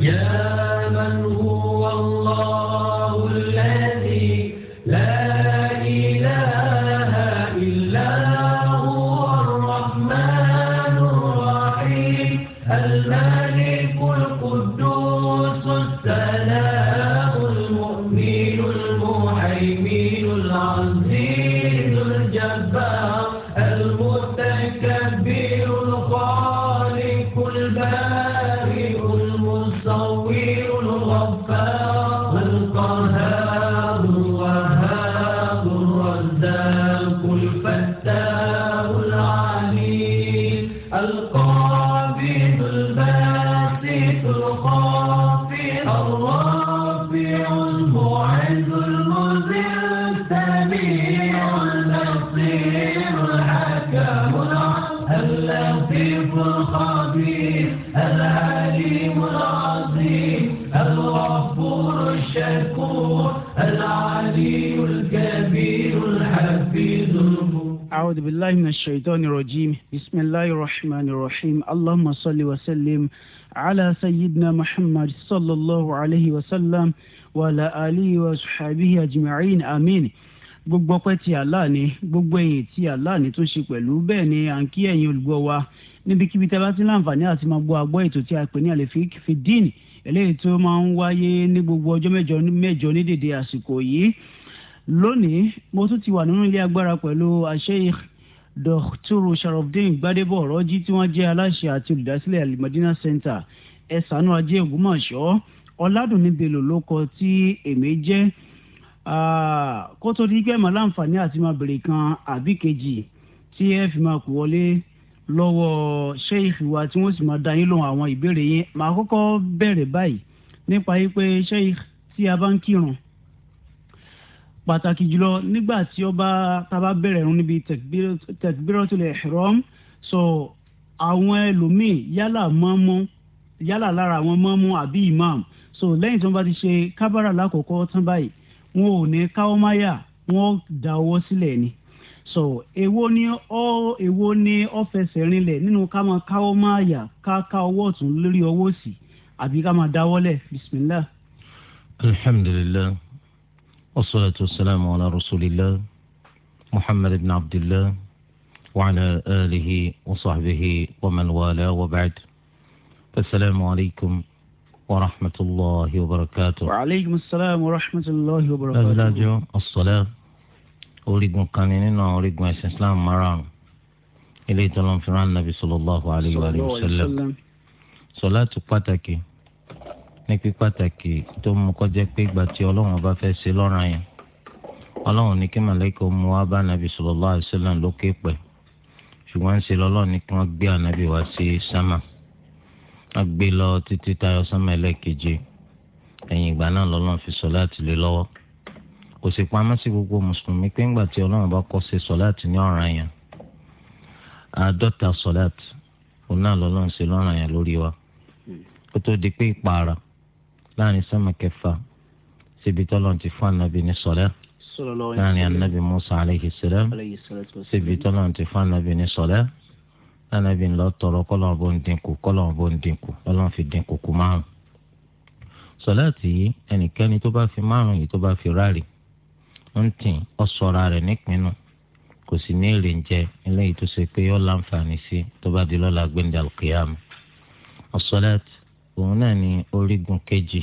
يا من هو الله الشيطان الرجيم بسم الله الرحمن الرحيم اللهم صل وسلم على سيدنا محمد صلى الله عليه وسلم وعلى آله وصحبه أجمعين آمين gbogbo ọpẹ́ tí Allah ni gbogbo ẹ̀yìn tí Allah ni tó ṣe pẹ̀lú bẹ́ẹ̀ ni à ń kí ẹ̀yin olùgbọ́ wa níbikíbi tẹ́ bá ti láǹfààní àti máa gbọ́ àgbọ́ ètò tí a pè ní àlefik fìdíìnì eléyìí tó máa ń wáyé ní gbogbo ọjọ́ mẹ́jọ mẹ́jọ ní dèdè àsìkò yìí lónìí mo tún ti wà nínú ilé agbára pẹ̀lú Sheikh dọ́kítọ́rù sharafdin gbadebo ọ̀rọ́jì tí wọ́n jẹ́ aláṣẹ àti olùdásílẹ̀ alimadina center ẹ̀sánú ajé ògbómọ̀ṣọ́ ọ̀làdùnní bello ló kọ tí èmi jẹ́ kó tó di gbẹ̀mọ̀ láǹfààní àti máa bèrè kan àbí kejì tí ẹ fi máa kú wọlé lọ́wọ́ sheikh wa tí wọ́n sì máa dá yín lóhùn àwọn ìbéèrè yẹn màá kọ́kọ́ bẹ̀rẹ̀ báyìí nípa yí pé sheikh tí a bá ń kírun pàtàkì jùlọ nígbà tí ọba tábà bẹ̀rẹ̀ ìrun níbi takbiratul ihram so àwọn ẹlòmíì yálà mọ́mú yálà lára àwọn mọ́mú àbí imam so lẹ́yìn tí wọ́n bá ti ṣe kábàrà lákọ̀ọ́kọ́ tán báyìí wọn ò ní káwọ́ máyà wọ́n dáwọ́ sílẹ̀ ni so èwo ni ọ èwo ni ọ fẹsẹ̀ rinlẹ̀ nínú ká máa káwọ́ máyà ká ká ọwọ́ ọ̀tún lórí ọwọ́ òsì àbí ká máa dáwọ́lẹ̀ bismillah. alhamdulilayi. والصلاة والسلام على رسول الله محمد بن عبد الله وعلى آله وصحبه ومن والاه وبعد السلام عليكم ورحمة الله وبركاته وعليكم السلام ورحمة الله وبركاته أهلاجو الصلاة أوليكم قانينين وأوليكم الإسلام مرام إليه تلون فران النبي صلى الله عليه وآله وسلم صلاة قتكي ní pípàtàkì tó mú kọjá pé ìgbà tí ọlọ́run bá fẹ́ ṣe lọ́rùn yẹn ọlọ́run ní kí màlẹ́kọ̀ mú wá bá nàbì sallallahu alaihi wasallam lókè pẹ̀ ṣùgbọ́n ń ṣe lọ́lọ́run ní kí wọ́n gbé ànábì wá sí sámà wọ́n gbé lọ títí tayọ sámà ẹlẹ́keje ẹ̀yìn ìgbà náà lọ́lọ́run fi sọ̀láàtì lé lọ́wọ́ kò sì pamọ́ sí gbogbo mùsùlùmí pé ńgbà tí ọlọ́run bá kọ́ ṣe sọ̀láàtì ní ọ̀ràn yẹn àádọ́ta sọ̀láàtì òun náà lọ́lọ́run ṣe lọ́ràn yẹn lórí wa kó tó di pé ìpààrà láàrin sánmà kẹfà síbi tọ́lọ́n ti fún anabi ní sọ̀rẹ́ láàrin anabi musa aleyhi sẹlẹm síbi tọ́lọ́n ti fún anabi ní sọ̀rẹ́ anabi ńlọ tọrọ kọ́lọ́n bó ń dínkù kọ́lọ́n bó ń dínkù kọ́lọ́n fi dínkù kù márùn. sọ̀láàtì yìí ẹnikẹ́ni tó bá fi márùn yìí tó bá fi ráàlì ń tìǹ ọ́ sọ̀ra rẹ̀ nípinnu kò sì ní èrè ń jẹ eléyìí tó ṣe pé yọ láǹfààní sí tó bá di lọ́la gbẹ̀ndàlùkìyàmù ọ̀sọ̀láàtì òun náà ni orígun kejì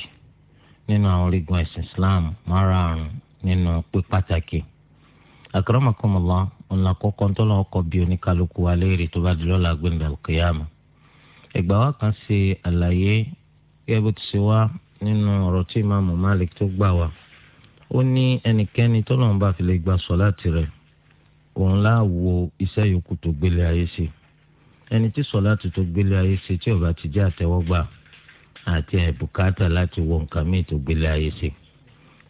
nínú àwọn orígun ẹ̀sìn islam márààrún nínú pípàtàkì àkàràmọ̀kọ́mọ̀lá ọ̀nà àkọ́kọ́ ńtọ́lọ́ ọkọ̀ bíi oníkálukú aléèrè tó bá di lọ́la gbẹ̀ndà kìyàmù ẹgbà wa kan ṣe àlàyé gẹ́gẹ́ bó ti ṣe wá nínú ọ̀rọ̀ tí ìmáàmù malik tó gbà wá ó ní ẹnikẹ́ni fi lè gba rẹ̀ òun láà wo iṣẹ́ yòókù tó gbélé ayé ṣe ẹni tí tó gbélé ayé ṣe tí àti àìbùkátà láti wọ nǹkan míì tó gbélé ayé sí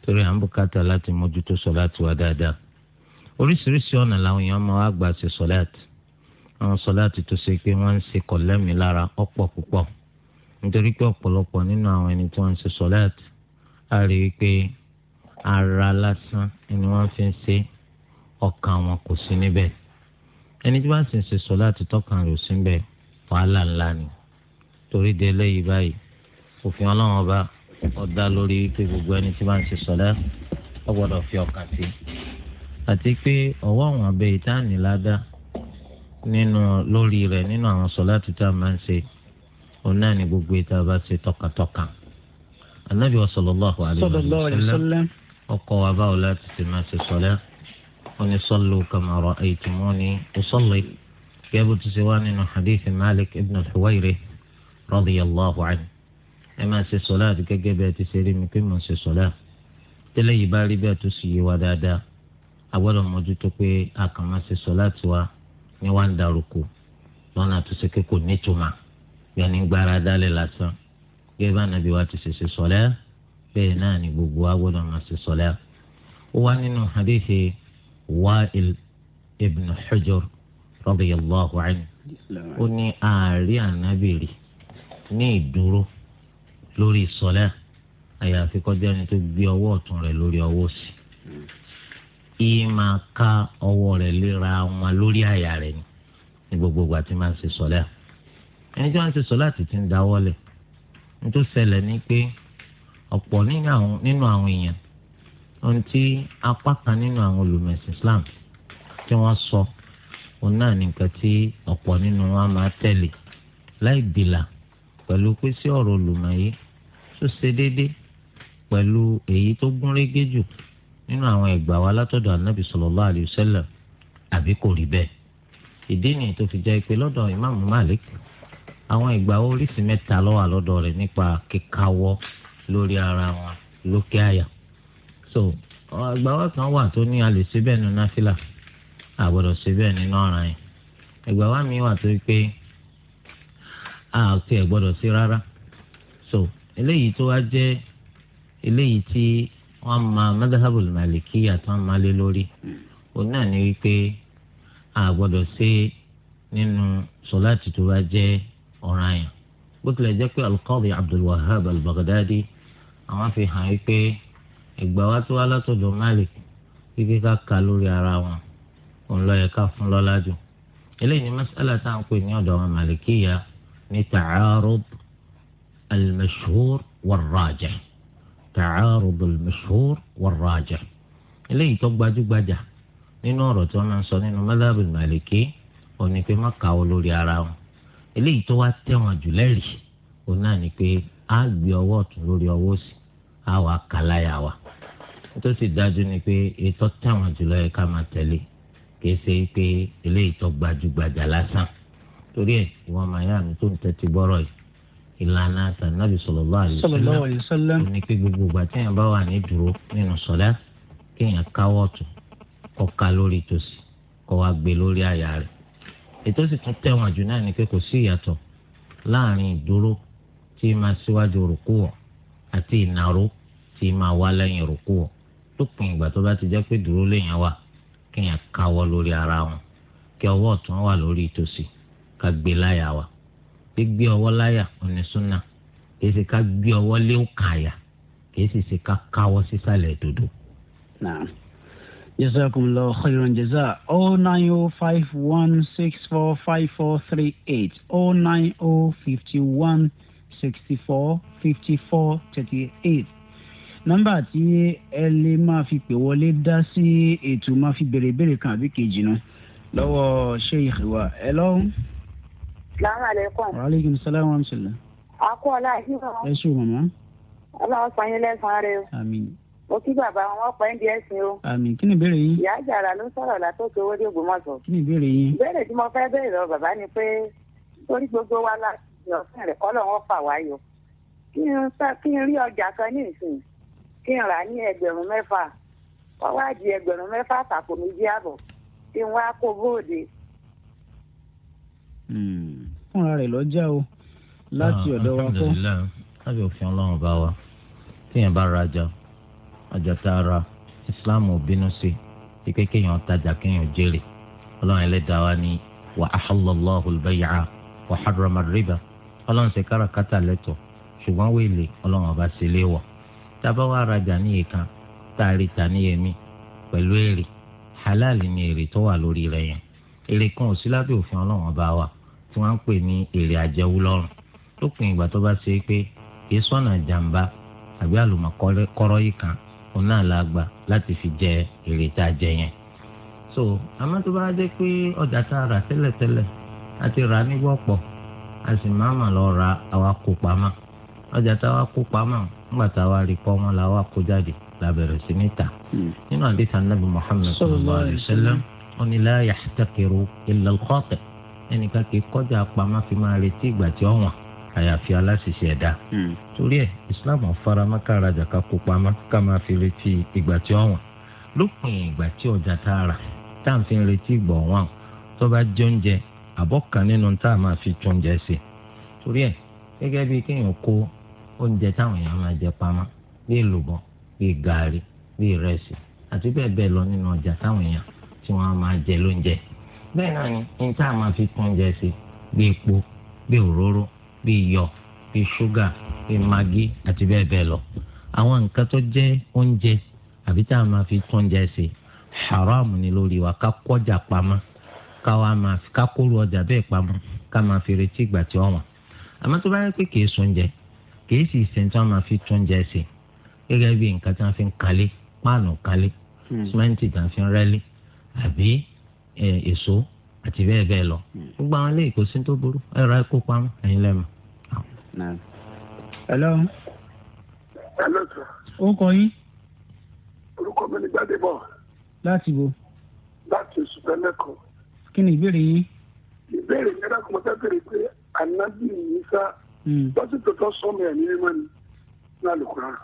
torí à ń bùkátà láti mójútó sọláàtì wa dáadáa oríṣiríṣi ọ̀nà làwọn èèyàn máa wá gbà ṣe sọláàtì àwọn sọláàtì tó ṣe pé wọ́n ń ṣe kọ̀lẹ́mì lára ọ̀pọ̀ púpọ̀ nítorí pé ọ̀pọ̀lọpọ̀ nínú àwọn ẹni tí wọ́n ń ṣe sọláàtì á rí i pé ara lásán fi ń ṣe ọkàn wọn kò sí níbẹ̀ ẹni tí wọ́n sì ń ṣe sọláàtì tọkàn ni torí de báyìí òfin ọlọ́run ọba ọ̀dà lórí pé gbogbo ẹni tí wọ́n ń ṣe sọ̀lá ó gbọ́dọ̀ fi ọkàn sí àti pé ọwọ́ àwọn abẹ ìtàní ládàá nínú lórí rẹ̀ nínú àwọn sọ̀lá tuntun àmà ń ṣe òun náà ni gbogbo ìta bá ṣe tọkàntọkàn anabi wa sallallahu alayhi wa sallam ọkọ wa báwo láti ṣe máa ṣe sọ̀lá wọn ni sallu kama ra'aytumuni usalli gẹ́gẹ́ bó ti ṣe wá nínú hadith malik ibn al-huwayrith radiyallahu anhu ẹ máa ṣe sọlá àti gẹ́gẹ́ bẹ́ẹ̀ ti ṣe rí mi pé mo ṣe sọlá tẹ́lẹ̀ yìí bá rí bẹ́ẹ̀ tó sì yé wa dáadáa a gbọ́dọ̀ mójútó pé a kàn máa ṣe sọlá tiwa ní wàá ń darúkọ lọ́nà tó ṣe kéko nítumà yẹn gbára dálẹ̀ lásán gẹ́gẹ́ bá nàbí wa ti ṣe ṣe sọlá bẹ́ẹ̀ náà ni gbogbo a gbọ́dọ̀ máa ṣe sọlá ó wá nínú hadithi Wa'il ibn Hujr radiyallahu anhu ó ní ààrí ànábìrì ní ìdúró. lórí sọlẹ àyàfi kọjá ẹni tó gbé ọwọ́ ọ̀tún rẹ̀ lórí ọwọ sí yìí máa ká ọwọ́ rẹ̀ léra wọn lórí àyà rẹ̀ ni ní gbogbo ìgbà tí máa ń ṣe sọlẹ ẹni tí wọn ṣe sọlẹ àti ti ń dáwọ́lẹ̀ ni pé nínú àwọn èèyàn ohun sọ òun náà nìkan tí ọ̀pọ̀ nínú wọn máa tẹ̀lé láì pẹ̀lú pé sí ọ̀rọ̀ tó ṣe déédé pẹ̀lú èyí tó gún régé jù nínú àwọn ẹgbàá wa látọ̀dọ̀ anábì sallallahu alayhi wa sallam àbí kò rí bẹ́ẹ̀ ìdí nìyí tó fi jẹ́ pé lọ́dọ̀ ìmáàmù Malik àwọn ìgbà oríṣi mẹ́ta ló wà lọ́dọ̀ rẹ̀ nípa kíkáwọ́ lórí ara wọn lókè àyà so ìgbà wa kan wà tó ní a lè ṣe bẹ́ẹ̀ nínú náfìlà a gbọ́dọ̀ ṣe bẹ́ẹ̀ nínú ọ̀ràn yẹn ìgbà wa mi wà tó pé a ò gbọ́dọ̀ ṣe rárá so eléyìí tó wá jẹ́ eléyìí tí wọ́n máa madhabul malikiya tó wọ́n máa lé lórí òun náà ni wípé a gbọ́dọ̀ ṣe nínú sọláàtì tó bá jẹ́ ọ̀ranyàn bó tilẹ̀ jẹ́ pé alqadi abdul wahab al-baghdadi àwọn fi hàn wípé ìgbà wa tó wá látọ̀dọ̀ malik kíkẹ́ ká ka lórí ara wọn òun ló yẹ ká fún lọ́lá jù eléyìí ni mas'ala ń pè ní ọ̀dọ̀ àwọn malikiya ní ta'arud المشهور والراجح تعارض المشهور والراجح eléyìí tó gbajúgbajà nínú ọ̀rọ̀ tí wọ́n máa ń sọ nínú mẹ́tàbí màlìkí ò ní pé má kàwọ́ lórí ara wọn eléyìí tó wá tẹ̀wọ̀n jù lẹ́rìí ò náà ní pé á gbé ọwọ́ ọ̀tún lórí ọwọ́ òsì á wàá kàláyà wa tó sì dájú ni pé ètò tẹ̀wọ̀n jù lọ́yẹ ká máa tẹ̀lé kìí ṣe pé eléyìí tó gbajúgbajà lásán torí ẹ̀ ìwọ̀n màyà mi tó ń tẹ́tí gbọ́rọ̀ yìí ìlànà sànàbì sallallahu alaihi wasallam ní pé gbogbo ìgbà téèyàn bá wà ní dúró nínú sọlá kéèyàn káwọ́ ọ̀tún kó ká lórí tòsì kó wá gbé lórí àyà rẹ̀ ètò sì tún tẹ̀wọ̀n jù náà ni pé kò sí ìyàtọ̀ láàrin ìdúró tí máa síwájú rùkú wọ̀ àti ìnáró tí máa wá lẹ́yìn rùkú wọ̀ lópin ìgbà tó bá ti jẹ́ pé dúró lèèyàn wà kéèyàn káwọ́ lórí ara wọn kí ọwọ́ ọ̀tún wà lórí tòsì ká gbé láyà wa gbígbé ọwọ́ láyà òní súnà kìí ṣe ká gbé ọwọ́ lé òkà àyà kìí sì ṣe ká káwọ́ sísàlẹ̀ dòdò. Jazakumullahu khairan jaza o oh nine o oh five one six four five four three eight o oh nine o fifty one sixty four fifty four thirty eight nọ́mbà tí ẹ lè máa fi pè wọlé dá sí ètò máa fi béèrè béèrè kan àbí kejì náà lọ́wọ́ Sheikh wa ẹ lọ́hùn. salaamaleykum. waaleykum salaam wa rahmatulah. a kú ọ̀la àṣìwọ̀n. ẹ ṣe o màmá. ọlọ́run sọ yín lẹ́sàn-án rẹ o. kí bàbá wọn wọ́n pẹ́ ń o. àmín kí ni ìbéèrè yín. ìyá àjàrà ló sọ̀rọ̀ látòkè owó dé Ògbómọ̀ṣọ́. kí ni ìbéèrè yín. ìbéèrè tí mo fẹ́ béèrè lọ bàbá ni pé torí gbogbo wa la ọ̀sán rẹ̀ kọ́lọ̀ wọn fà wá rí ọjà kan ní fúnra rẹ̀ lọ́jà o láti ah, ọ̀dọ̀ wa kọ́. lábẹ́ òfin ọlọ́run bá wa téèyàn bá rajà ọjà tá a ra islam ò bínú sí i pé kéèyàn tajà kéèyàn jèrè ọlọ́run ẹlẹ́dàá wa ni wa ahallallahu al-bay'a wa harrama ar-riba ọlọ́run ṣe káràkátà lẹ́tọ̀ ṣùgbọ́n wéèlè ọlọ́run ọba ṣe léwọ̀ tá a rajà níye kan tá ta níye mi pẹ̀lú èrè halal ni èrè tó wà lórí rẹ̀ yẹn èrè kan ò sí lábẹ́ òfin ọlọ́run ọba wa tí wọ́n pè ní èrè àjẹwò lọ́rùn lópin ìgbà tó bá ṣe é pé kì í sọ̀nà jàǹbá àbí àlùmọ̀kọ́rọ́ yìí kan òun náà la gbà láti fi jẹ èrè tá a jẹ yẹn. so àmọ́ tó bá dé pé ọjà tá a rà tẹ́lẹ̀tẹ́lẹ̀ a ti rà ní wọ́pọ̀ a sì máa mà lọ ra àwa kó pamọ́ ọjà tá a wá kó pamọ́ nígbà tá a wá rí pọ́ la wá kó jáde la bẹ̀rẹ̀ sí ní ta. Hmm. nínú àdìsá nàbì Muhammad sallallahu alayhi wa sallam ó ní la yahtakiru illa al ẹnìkan kì í kọjá pamọ́ fi máa retí ìgbà tí ó wọ̀n àyàfi aláṣiṣẹ́ ẹ̀dá. Hmm. torí ẹ̀ islam faramọ́ ká rajà ká kó pamọ́ ká máa fi retí ìgbà tí ó wọ̀n lópin ìgbà tí ọjà tá a rà tá à ń fi retí ìgbà ọ̀wọ́n tó bá jẹ oúnjẹ àbọ̀ kan nínú tá a máa fi tún oúnjẹ sí. torí ẹ̀ gẹ́gẹ́ bíi kéèyàn kó oúnjẹ táwọn èèyàn máa jẹ pamọ́ bíi èlùbọ́ bíi gàárì bíi ìrẹsì àti bẹ́ẹ̀ bẹ́ẹ̀ lọ nínú ọjà táwọn èèyàn tí wọ́n máa jẹ lóúnjẹ bẹ́ẹ̀ náà ni n tá a máa fi kún jẹ sí bí epo bí òróró bí iyọ̀ bí ṣúgà bí magi àti bẹ́ẹ̀ bẹ́ẹ̀ lọ àwọn nǹkan tó jẹ́ oúnjẹ àbí tá a máa fi kún jẹ sí haram ni lórí wa ká kọjà pamọ́ ká wa máa fi ká kóró ọjà bẹ́ẹ̀ pamọ́ ká máa fi retí ìgbà tí ó wọ̀n àmọ́ tó bá yẹ pé kìí sóúnjẹ kìí sì sèǹtì wọn máa fi túnjẹ sí gẹ́gẹ́ bí nǹkan tí wọ́n fi ń kalẹ̀ páànù kalẹ̀ hmm. símẹ́ǹtì tí wọ́n fi ń rẹ́lẹ̀ àbí èso àti bẹ́ẹ̀ bẹ́ẹ̀ lọ hmm. gbogbo àwọn ilé ìkósí tó burú ẹ̀rọ ẹ̀kọ́ pamọ́ ẹ̀yin lẹ́mọ̀. hello. hello sir. ó kọ yín. orúkọ mi ni Gbádébọ̀. láti wo. láti oṣù tẹ́lẹ̀kọ́. kí ni ìbéèrè yín. ìbéèrè yẹn dákun mo fẹ́ béèrè pé ànábì Ìsá dókítà hmm. tó sọmọ ẹ̀ ní mímọ́ ni ní àlùkò rárá.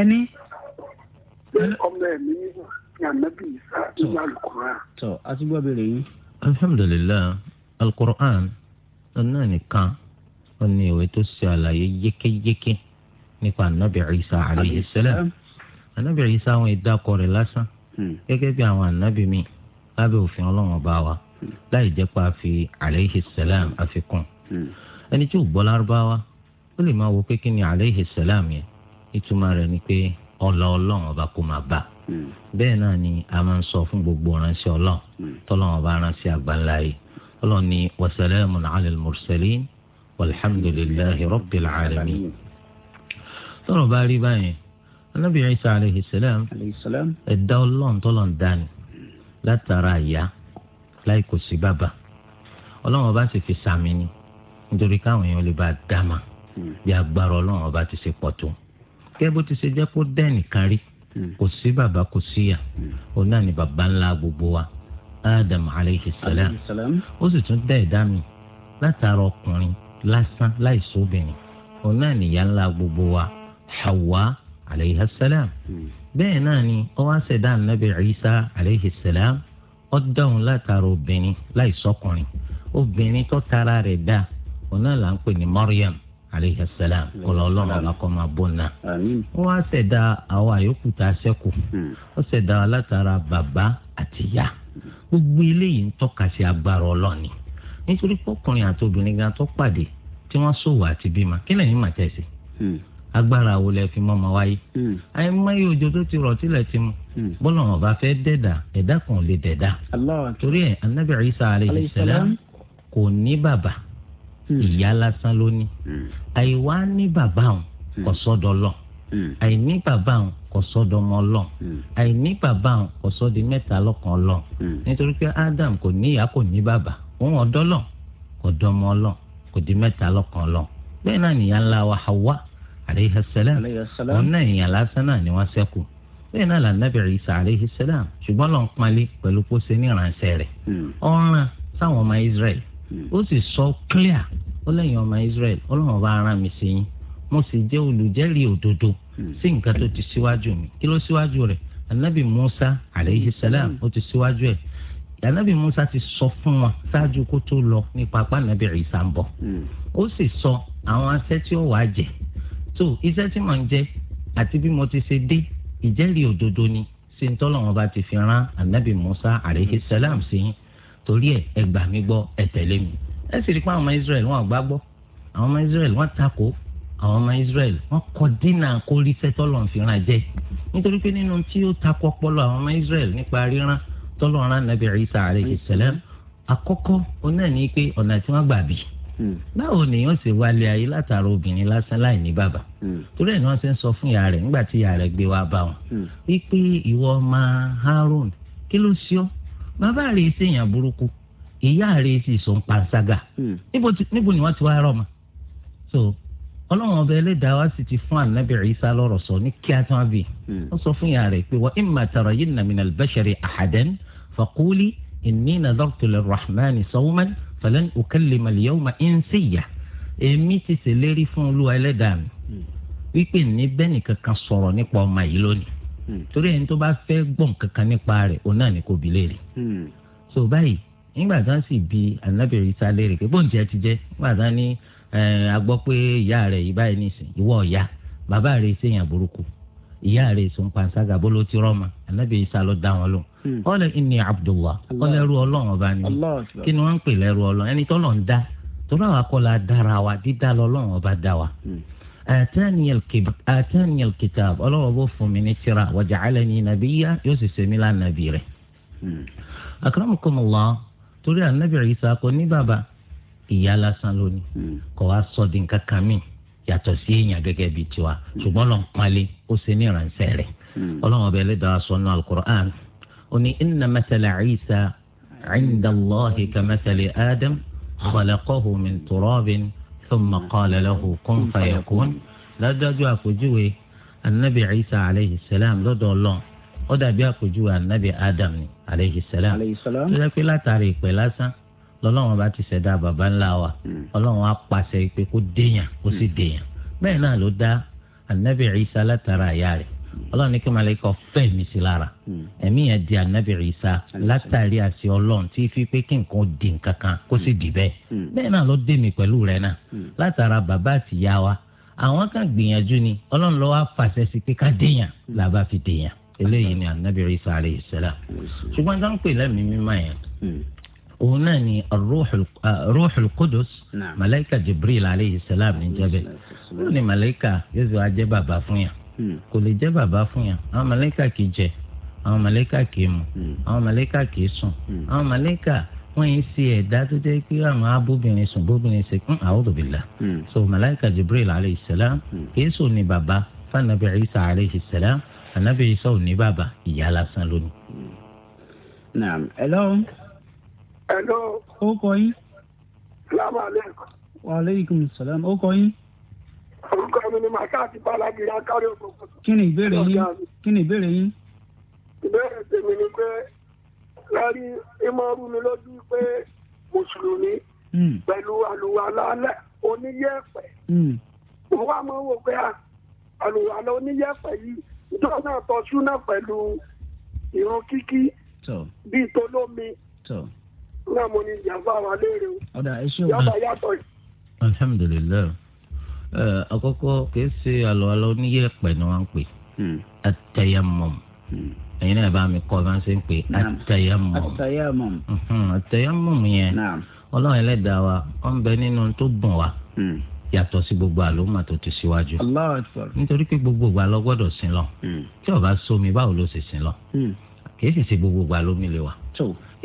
ẹni. pé ọmọ ẹ̀ mímọ́ ní anabi isa nínú alukur'an. tọ a ti gbọ́ bẹ̀rẹ̀ yìí. alhamdulilayi alukur'an ọ̀nà nìkan ó ní ìwé tó ṣe àlàyé yékéyéké nípa anabi isa alayhi salam anabi isa àwọn ìdákọ rẹ̀ lásán hmm. gẹ́gẹ́ bí àwọn anabi mi lábẹ́ òfin ọlọ́run ọba wa hmm. láì jẹ́ pé a fi alayhi salam àfikún hmm. ẹni tí ò gbọ́ lárúbáwá ó lè máa wo pé kí ni alayhi salam yẹn ìtumọ̀ rẹ̀ ni pé ọlọ ọba kò máa bá a. Hmm. bẹ́ẹ̀ náà ni a máa ń sọ fún gbogbo ránṣẹ́ ọlọ́run hmm. tọ́lọ́run ọba ránṣẹ́ àgbáńlá yìí ọlọ́run ni wasalaamu ala al-mursalin walhamdulillahi hmm. rabbil alamin. tọ́lọ̀ bá rí báyìí anábì Isa alayhi salam ẹ̀dá ọlọ́run tọ́lọ̀ ń dání látara àyà láì kò sí bàbá ọlọ́run ọba sì fi sàmì ni nítorí káwọn èèyàn lè bá a dá ma bí agbára ọlọ́run ọba ti ṣe pọ̀ tó kẹ́ bó ti ṣe jẹ́ kó dẹ́ nìkan rí kò sí bàbá kò síyà òun náà ni bàbá ńlá gbogbo wa adam aleyhi salam ó sì tún dá ẹ̀dá mi látara ọkùnrin lásán láìsí obìnrin òun náà ni ìyá ńlá gbogbo wa hawa aleyhi salam bẹ́ẹ̀ náà ni ó wá ṣẹ̀dá anabi isa aleyhi salam ó dáhùn látara obìnrin láìsọkùnrin obìnrin tó tara rẹ̀ dá òun náà là ń pè ní Maryam aleyhi salam kọlọ ọlọ́run ọba kọ máa bọ náà ó wá ṣẹ̀dá àwọn àyókù tá a ṣẹ́kù hmm. ó ṣẹ̀dá látara bàbá àtìyá gbogbo eléyìí ń tọ́ka sí agbára ọlọ́ni nítorí pọkùnrin àti obìnrin gan tó pàdé tí wọ́n ṣòwò àti bímọ kí lẹ́yìn mà tẹ̀sí hmm. agbára wo lẹ fi mọ́ ọmọ wáyé hmm. àìmọye òjò tó ti rọ̀ tilẹ̀ ti mu bọ́lá wọn bá fẹ́ dẹ̀dà ẹ̀dá kan lè dẹ̀dà torí ẹ̀ anabi isa aleyhi salam kò ní bàbá Mm. ìyá lásán ló ní mm. àìwá ní bàbá àwọn mm. kò sọ́dọ̀ Ọlọ́run àìní bàbá àwọn kò sọ́dọ̀ ọmọ Ọlọ́run àìní bàbá àwọn kò sọ́dọ̀ mẹ́ta lọ́kàn Ọlọ́run nítorí pé Adam kò ní ìyá kò ní bàbá òun ọ̀dọ́ lọ kò dọ́mọ Ọlọ́run kò di mẹ́ta lọ́kàn Ọlọ́run bẹ́ẹ̀ náà nìyá ńlá wa Hawa aleyhi salam òun náà ìyá lásán náà ni wọ́n ṣẹ́kù bẹ́ẹ̀ náà lànàbì Ìsá aleyhi salam ṣùgbọ́n lọ́n pali pẹ̀lú pósẹ́ ní ìránṣẹ́ rẹ̀ ọ̀ràn sáwọn ọmọ Israẹli ó sì sọ clear ó lẹ́yìn ọmọ Israel ọlọ́run ọba ara mi sí yín mo sì jẹ́ olùjẹ́rìí òdodo hmm. sí nǹkan tó ti síwájú mi kí ló síwájú rẹ̀ anabi Musa aleyhi salam hmm. ó ti síwájú ẹ̀ anabi Musa ti sọ fún wa ṣáájú kó tó lọ nípa apá anabi Isa ń bọ̀ hmm. ó sì sọ àwọn asẹ́ tí ó wàá jẹ tó iṣẹ́ tí mò ń jẹ àti bí mo ti ṣe dé ìjẹ́rìí òdodo ni ṣe ń tọ́lọ̀ bá ti fi rán anabi Musa aleyhi salam sí yín torí ẹ ẹ gbà mí gbọ́ ẹ tẹ̀lé mi ẹ sì rí pé àwọn ọmọ Israel, wọn àgbá gbọ́ àwọn ọmọ Israẹli wọn takò àwọn ọmọ Israẹli wọn kọ dínà kórìíṣẹ́ tọ́lọ̀ fi ràn jẹ́ nítorí pé nínú tí ó takò ọpọlọ àwọn ọmọ Israẹli nípa ríran tọ́lọ̀ rán nàbì Ìsá alayhi salam àkọ́kọ́ onáà ní pé ọ̀nà tí wọ́n gbà bí hmm. báwo nìyẹn ṣe wálé ayé látara obìnrin lásán láì ní bàbá hmm. torí ẹ̀ ni wọ́n ṣe ń sọ fún ìyá rẹ̀ nígbà tí ìyá rẹ̀ gbé wá bá wọn hmm. wípé ìwọ ọmọ Harun kí ló ṣe ọ́ bàbá rẹ̀ ṣèyàn burúkú ìyá rẹ̀ sì sọ ń panṣágà hmm. níbo ni wọ́n ti wá rọ̀ mọ́ so ọlọ́run ọba ẹlẹ́dàá wa sì ti fún anabi isa lọ́rọ̀ sọ ní kí a tán bí wọ́n hmm. sọ fún ìyá rẹ̀ pé wa imma tarayinna minal bashari ahadan faquli inni nadartu lirrahmani sawman falan ukallima alyawma insiya èmi ti ṣèlérí fún olúwa ẹlẹ́dàá mi hmm. wípé ní bẹ́ẹ̀ nìkan kan sọ̀rọ̀ nípa ọmọ yìí lónìí Hmm. torí ẹni tó bá fẹ́ gbọ̀n kankan nípa rẹ̀ òun náà ni kò bí léèrè. Hmm. so báyìí nígbà tí wọ́n sì bi Ànábì Ìsá léèrè pé bóun jẹ́ ti jẹ́ nígbà tí wọ́n ní a gbọ́ pé ìyá rẹ̀ yìí báyìí nìsín ìwọ ọ̀yá bàbá rẹ̀ ṣèyàn burúkú ìyá rẹ̀ sùn pàṣágà bó ló ti rọ́ọ̀mà Ànábì Ìsá ló dá wọn lóhùn ọlẹ hmm. ìní Abdullah ọlẹ ẹrú Ọlọ́run ọba ni kí ni wọ́n ń pè lẹ́rú Ọlọ́run ẹni tọ́lọ̀ àtẹ́niyàn kìtàb ọlọ́wọ́ الكتاب، الله mi من tírà وجعلني نبيا yóò sì sèmi lá الله. rẹ̀. akramakumullah عيسى ànábì بابا kò ní bàbá ìyá lásán lónìí kò wá sọ di nǹkan kan mí yàtọ̀ sí èèyàn gẹ́gẹ́ bíi tiwa ṣùgbọ́n lọ́n palẹ̀ ó ṣe ní ìrànṣẹ́ rẹ̀ ọlọ́wọ́ bẹ́ẹ̀ lè dáa sọ ó ní inna mathala Ìsá 'inda Allahi ka mathali Adam khalaqahu min turabin thumma qala lahu kun fayakun ládájú àpèjúwe anabi isa aleyhi salam lọ́dọ̀ ọlọ́run ó dàbí àpèjúwe anabi adam ni aleyhi salam tó jẹ́ pé látàrí ìpè lásán lọ́lọ́run bá ti ṣẹ̀dá baba ńlá wa ọlọ́run á pàṣẹ pé kó déyàn kó sì déyàn bẹ́ẹ̀ náà ló dá anabi isa látara ìyá rẹ̀ ọlọ́run ní kí màlẹ́kọ̀ fẹ́ mi sí lára hmm. ẹ̀mí yẹn di anabi Isa látàrí àṣẹ ọlọ́run tí fi pé kí nǹkan di nǹkan kan kó sì hmm. di bẹ́ẹ̀ hmm. bẹ́ẹ̀ náà ló dé mi pẹ̀lú rẹ̀ náà látara bàbá àtìyá wa àwọn kan gbìyànjú ni ọlọ́run ló wá fàṣẹ sí pé ká déyàn làbá fi déyàn eléyìí ni anabi Isa alayhi salam ṣùgbọ́n tó ń pè lẹ́mìí mímọ́ yẹn òun náà ni ruuxul kudus malayika jibril alayhi salam ní jẹ́bẹ̀ ló ní malayika yóò ṣe wá bàbá fún yàn Hmm. kò lè jẹ́ bàbá fún yàn àwọn màlẹ́kà kì í jẹ àwọn màlẹ́kà kì í mu hmm. àwọn màlẹ́kà kì í sùn hmm. àwọn màlẹ́kà wọ́n yìí ṣe ẹ̀dá tó jẹ́ pé àwọn abóbìnrin sùn bóbìnrin ṣe kún a'udhu so màlẹ́kà jibril alayhi salam kì í sùn ní bàbá fanabi isa alayhi salam anabi isa ò ní bàbá ìyá lásán lónìí. naam hello. hello. ó kọ yín. salaamaleykum. wa aleykum salaam ó kọ yín orúkọ mi ni màkà àti balagiri akárí òkòkò. kí ni ìbéèrè yín kí ni ìbéèrè yín. ìbéèrè tèmi ni pé lárí ìmọ̀ọ́rù mi lójú pé mùsùlùmí hmm. pẹ̀lú àlùwàlá oníyẹ̀pẹ̀. Hmm. mo wá mọ́ wò pé ah, àlùwàlá oníyẹ̀pẹ̀ yìí ìjọ náà tọ́jú náà pẹ̀lú ìran kíkí bíi tolómi náà mo ní ìyàbá wa léèrè o yàtọ̀ yàtọ̀ yìí. alhamdulilayi àkọ́kọ́ kìí ṣe àlọ́ọ̀lọ́ oníyẹ̀pẹ̀ ni wọ́n ń pè àtẹ̀yẹmọ̀m hmm. ẹ̀yin náà bá mi kọ́ bá ń ṣe ń pè àtẹ̀yẹmọ̀m àtẹ̀yẹmọ̀m hmm. yẹn ọlọ́run ẹlẹ́dàá wa ó ń bẹ nínú tó wa hmm. yàtọ̀ si gbogbo àlòmà tó ti síwájú nítorí pé gbogbo ìgbà lọ gbọ́dọ̀ sin lọ tí o bá sómi báwo ló ṣe sin lọ kìí sì ṣe gbogbo ìgbà lómi lè wà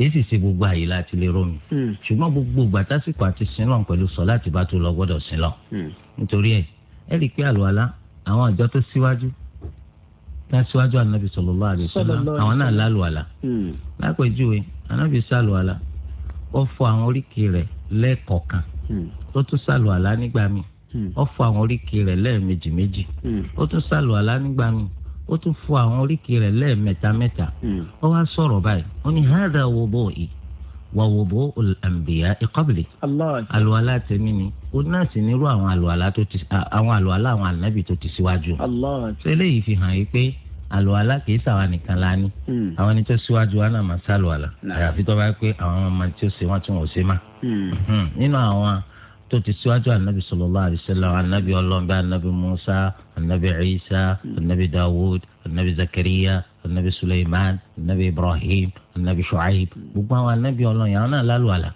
kì í sì ṣe gbogbo àyè láti lè rómi hmm. ṣùgbọ́n gbogbo gbàtásìkò àti sinlọ́n pẹ̀lú sọ láti bá tó lọ gbọ́dọ̀ sinlọ́n hmm. nítorí ẹ̀ ẹ̀ rí i pé àlùwalá àwọn àjọ tó síwájú náà síwájú ànábì sallallahu alaihi wasallam àwọn náà lálùwalá hmm. lápèjúwe ànábì sálùwalá ó fọ àwọn oríkèé rẹ̀ lẹ́ẹ̀kọ̀ọ̀kan ó tún sálùwalá nígbà míì ó fọ àwọn oríkèé rẹ̀ lẹ́ẹ̀mejì méjì ó tún sálùwalá nígbà míì ó tún fọ àwọn oríkèé rẹ̀ lẹ́ẹ̀mẹ́ta mẹ́ta hmm. ó wá sọ̀rọ̀ báyìí ó ní hàdà wudu'i wa wudu'ul anbiya'i qabli àlùwàlá tèmi ni ó náà sì nírú àwọn àlùwàlá àwọn àlùwàlá àwọn ànábì tó ti síwájú ṣẹlẹ̀ yìí fi hàn yí pé àlùwàlá kìí sàwọn nìkan la ní hmm. àwọn ẹni tó síwájú wa náà máa sálùwàlá àyàfi tó bá pé àwọn ọmọ tí ó ṣe wọn tún ò ṣe má hmm. nínú àwọn tó ti síwájú anabi sallallahu alaihi wasallam anabi ọlọmọbẹ anabi musa anabi isa anabi dawud anabi zakariya anabi suleiman anabi ibrahim anabi shuaib gbogbo àwọn anabi ọlọyìn àwọn náà lálùwàlà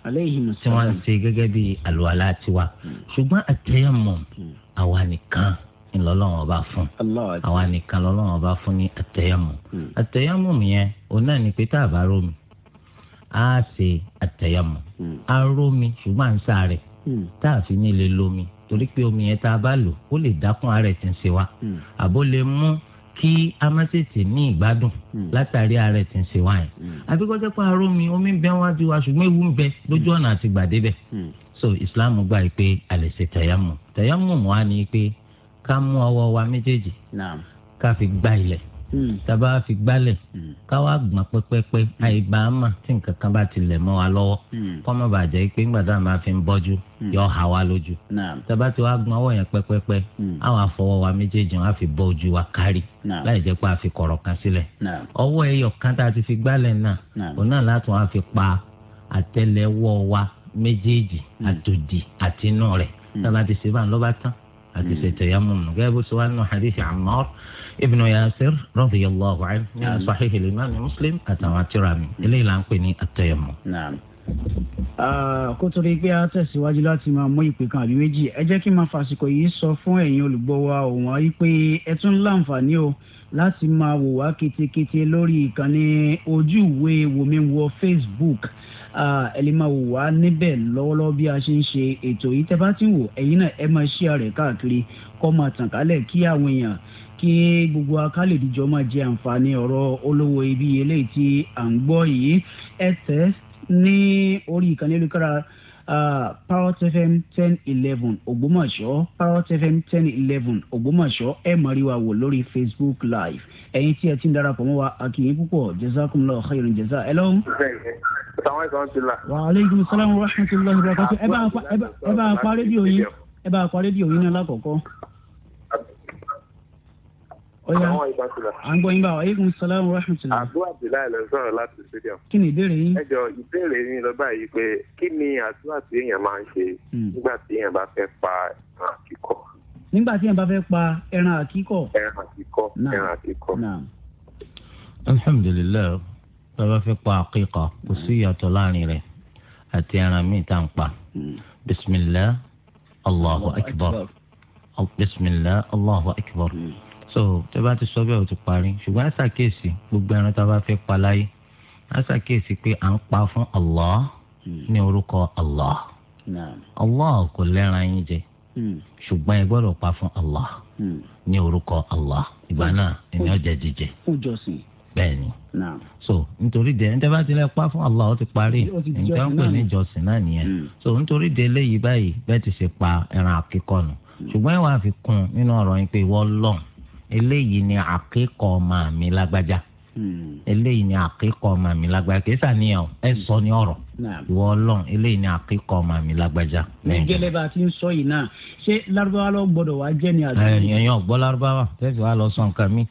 tí wọn ṣe gẹ́gẹ́ bí àlùwàlà tiwa ṣùgbọ́n àtẹyẹmọ àwa nìkan ńlọlọ́wọ́n ọba fún àwa nìkan lọ́lọ́wọ́n ọba fún ní àtẹyẹmọ àtẹyẹmọ hmm. yẹn òun náà ní pété àbárò mi a ṣe àtẹyẹmọ hmm. a rómi ṣùgbọ́n à ń sáré. Hmm. tá a fi ní lè lomi torí pé omi yẹn tá a bá lò ó lè dákun ara ẹ̀ tí ń ṣe wa hmm. àbó lè mú kí a má tètè ní ìgbádùn hmm. látàrí ara ẹ̀ tí ń ṣe wa yẹn àbíkọ́jẹ́ pé aró mi omi ń bẹ wá ju wa ṣùgbọ́n ewu ń bẹ lójú ọ̀nà àti gbàdébẹ̀ so Islam gbà pé a lè ṣe tẹ̀yàmù tẹ̀yàmù wa ni pé ká mú ọwọ́ wa méjèèjì ká fi gbá ilẹ̀ Hmm. tábà fi gbálẹ̀ hmm. káwá gbọ̀n pẹ́pẹ́pẹ́ hmm. àìbáàmà tí nǹkan kan bá ti lẹ̀ mọ́ wa lọ́wọ́ kọ́mọ́ bàjẹ́ pé ńgbà tá a máa fi ń bọ́jú yọ ha wa lójú tábà tí wàá gbọ̀n ọwọ́ pẹ́pẹ́pẹ́ àwọn afọwọ́ wa méjèèjì fi bọ́ ojú wa kárí láì jẹ́ pé a fi kọ̀rọ̀ kan sílẹ̀ ọwọ́ ẹyọ kan tá ti fi gbálẹ̀ náà òun náà láti wọn á fi pa wa méjèèjì àtòdì àtinú rẹ̀ ti ṣe báyìí tán àti ṣètò yamum nù gẹ́gẹ́ bó ṣe wá nínú hadith Ammar ibn Yasir radiyallahu anhu sahih al-imam Muslim àtàwọn àtìrami eléyìí là ń pè ní at-tayammum kó tó rí pé a tẹ̀síwájú láti máa mú ìpè kan àbí méjì ẹ jẹ́ kí n máa fàsìkò yìí sọ fún ẹ̀yin olùgbọ́ wa òun wáyé pé ẹ tún láǹfààní o láti máa wò wá ketekete lórí ìkànnì ojú ìwé wòmíwọ Facebook ẹ lè máa wò wá níbẹ̀ lọ́wọ́lọ́wọ́ bí a ṣe ń ṣe ètò yìí tẹ́ bá ti ń wò ẹ̀yin náà ẹ máa share rẹ̀ káàkiri kó máa tàn kálẹ̀ kí àwọn èèyàn kí gbogbo akálẹ̀dìjọ́ máa jẹ àǹfààní ọ̀rọ̀ olówó ibi eléyìí tí à ń gbọ́ yìí ẹ tẹ̀ ní orí ìkànnì olùkára Uh, parrot fm ten eleven ògbómọ̀ṣọ́ parrot fm ten eleven ògbómọ̀ṣọ́ ẹ máa rí wa wò lórí facebook live ẹ̀yin tí ẹ ti ń darapọ̀ mọ́ wa àkìyìn púpọ̀ jazakumullahu khairan jaza ẹ lọ́hùn. wa aleykum salaam wa rahmatulahi wa barakatuh ẹ bá a pa rédíò yín ẹ bá a pa rédíò yín ní alákọ̀ọ́kọ́ ọ̀yá à ń gbọ́ yín bá wa aleykum salaam wa rahmatulah. àdúrà abdullahi ló ń sọ̀rọ̀ láti stadium. kí ni ìbéèrè yín. ẹ jọ ìbéèrè yín lọ báyìí pé kí ni àdúrà tí èèyàn máa ń ṣe hmm. nígbà tí èèyàn bá fẹ́ pa ẹran àkíkọ. nígbà tí èèyàn bá fẹ́ pa ẹran àkíkọ. ẹran àkíkọ ẹran àkíkọ. alhamdulilayi bàbá fẹ́ pa àkíkọ kò sí ìyàtọ̀ láàrin rẹ̀ àti ẹran míì tá ń pa hmm. bisimilahi allahu akbar bisimilahi allahu akbar so tó bá ti sọ bẹ́ẹ̀ ó ti parí ṣùgbọ́n àṣàkíyèsí gbogbo ẹran tó bá fẹ́ pa láyé àṣàkíyèsí pé à ń pa fún Allah ní orúkọ Allah Allah kò lẹ́ran yín jẹ hmm. ṣùgbọ́n ẹ gbọ́dọ̀ pa fún Allah hmm. ní orúkọ Allah ìgbà náà ẹni ọjà jíjẹ bẹ́ẹ̀ ni so nítorí de ẹni tẹ́ bá tilẹ̀ pa fún Allah ó ti parí ẹni tẹ́ ń pè ní ìjọsìn náà nìyẹn hmm. so nítorí de eléyìí báyìí bẹ́ẹ̀ ti ṣe pa ẹran àkíkọ́ nù ṣùgbọ́n ẹ wàá fi kún nínú ọ̀rọ̀ yín pé ìwọ lọ́n eléyìí ni àkíkọ ọmọ mi lágbájá hmm. eléyìí ni àkíkọ ọmọ mi lágbájá kì í sàníyàn ẹ hmm. sọ ní ọ̀rọ̀ ìwọ Ọlọ́run eléyìí ni àkíkọ ọmọ mi lágbájá. ní gẹ́lẹ́ bá a ti ń sọ yìí náà ṣé lárúbáwá ló gbọ́dọ̀ wá jẹ́ ní àdúgbò. ẹ̀yin ò gbọ́ lárúbáwá tẹ́sí wa lọ sọ nǹkan mi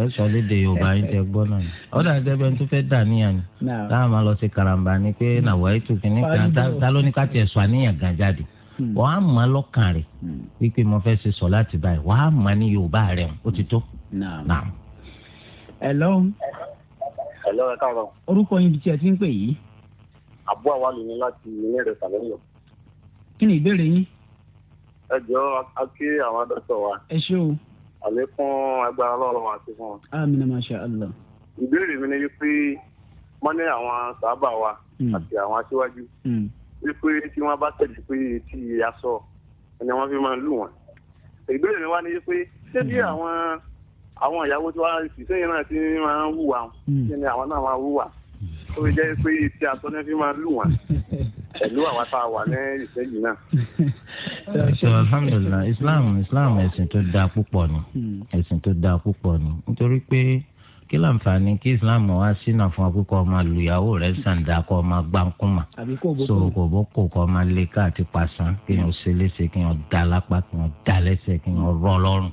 ẹ sọ léde yorùbá yín tẹ gbọ́ náà ni ọ̀dà ìjẹ́bẹ́ tó fẹ́ dà níyàn ni táwọn máa lọ sí karambà pé nàwọ̀ ẹ̀ tù kí kan tá ló ní ká tiẹ̀ sọ àníyàn gan jáde. Hmm. wàá mọ̀ lọ́kàn rẹ̀ hmm. wípé mo fẹ́ ṣe sọ láti báyìí wàá mọ̀ ní yorùbá rẹ̀ ó ti tó. ẹ lọ́hùn. ẹ lọ́hùn ẹ káàárọ̀. orúkọ yín bìtì ẹ ti ń pè yìí. àbúrò àwa mi ni láti ilé rẹ̀ sàlẹ́yìn. kí ni ìbéèrè yín. ẹ jọ a kí àwọn dọ́tọ̀ wa. ẹ ṣé o. àlékún agbára ọlọ́run àti fún wọn. amina masha allah. ìbéèrè mi ni wípé wọ́n ní àwọn sábà wa hmm. àti àwọn aṣíwájú wípé tí wọ́n bá tẹ̀lé pé etí aṣọ ni wọ́n fi máa ń lù wọ́n. ìbéèrè mi wá ni pé ṣé bí hmm. àwọn àwọn ìyàwó tí wọ́n sì sẹ́yìn náà ti máa ń hùwà ṣé hmm. ni àwọn náà máa hùwà tó hmm. fi jẹ́ pé etí aṣọ ni wọ́n fi máa ń lù wọ́n pẹ̀lú àwọn tá a wà ní ìṣẹ́yìn náà. so alhamdulilayi islam islam ẹ̀sìn tó dáa púpọ̀ ni ẹ̀sìn tó dáa púpọ̀ ni nítorí pé kí láǹfààní kí islam wá sínà fún akókò ọmọ àlùyàwó rẹ̀ sàǹdà kọ ọmọ gbáǹkùmà so kò bó kò kọ ọmọ lẹ́ka àti pàṣán kí wọ́n ṣe léṣe kí wọ́n dá lápá kí wọ́n dá lẹ́sẹ̀ kí wọ́n rọ́ lọ́rùn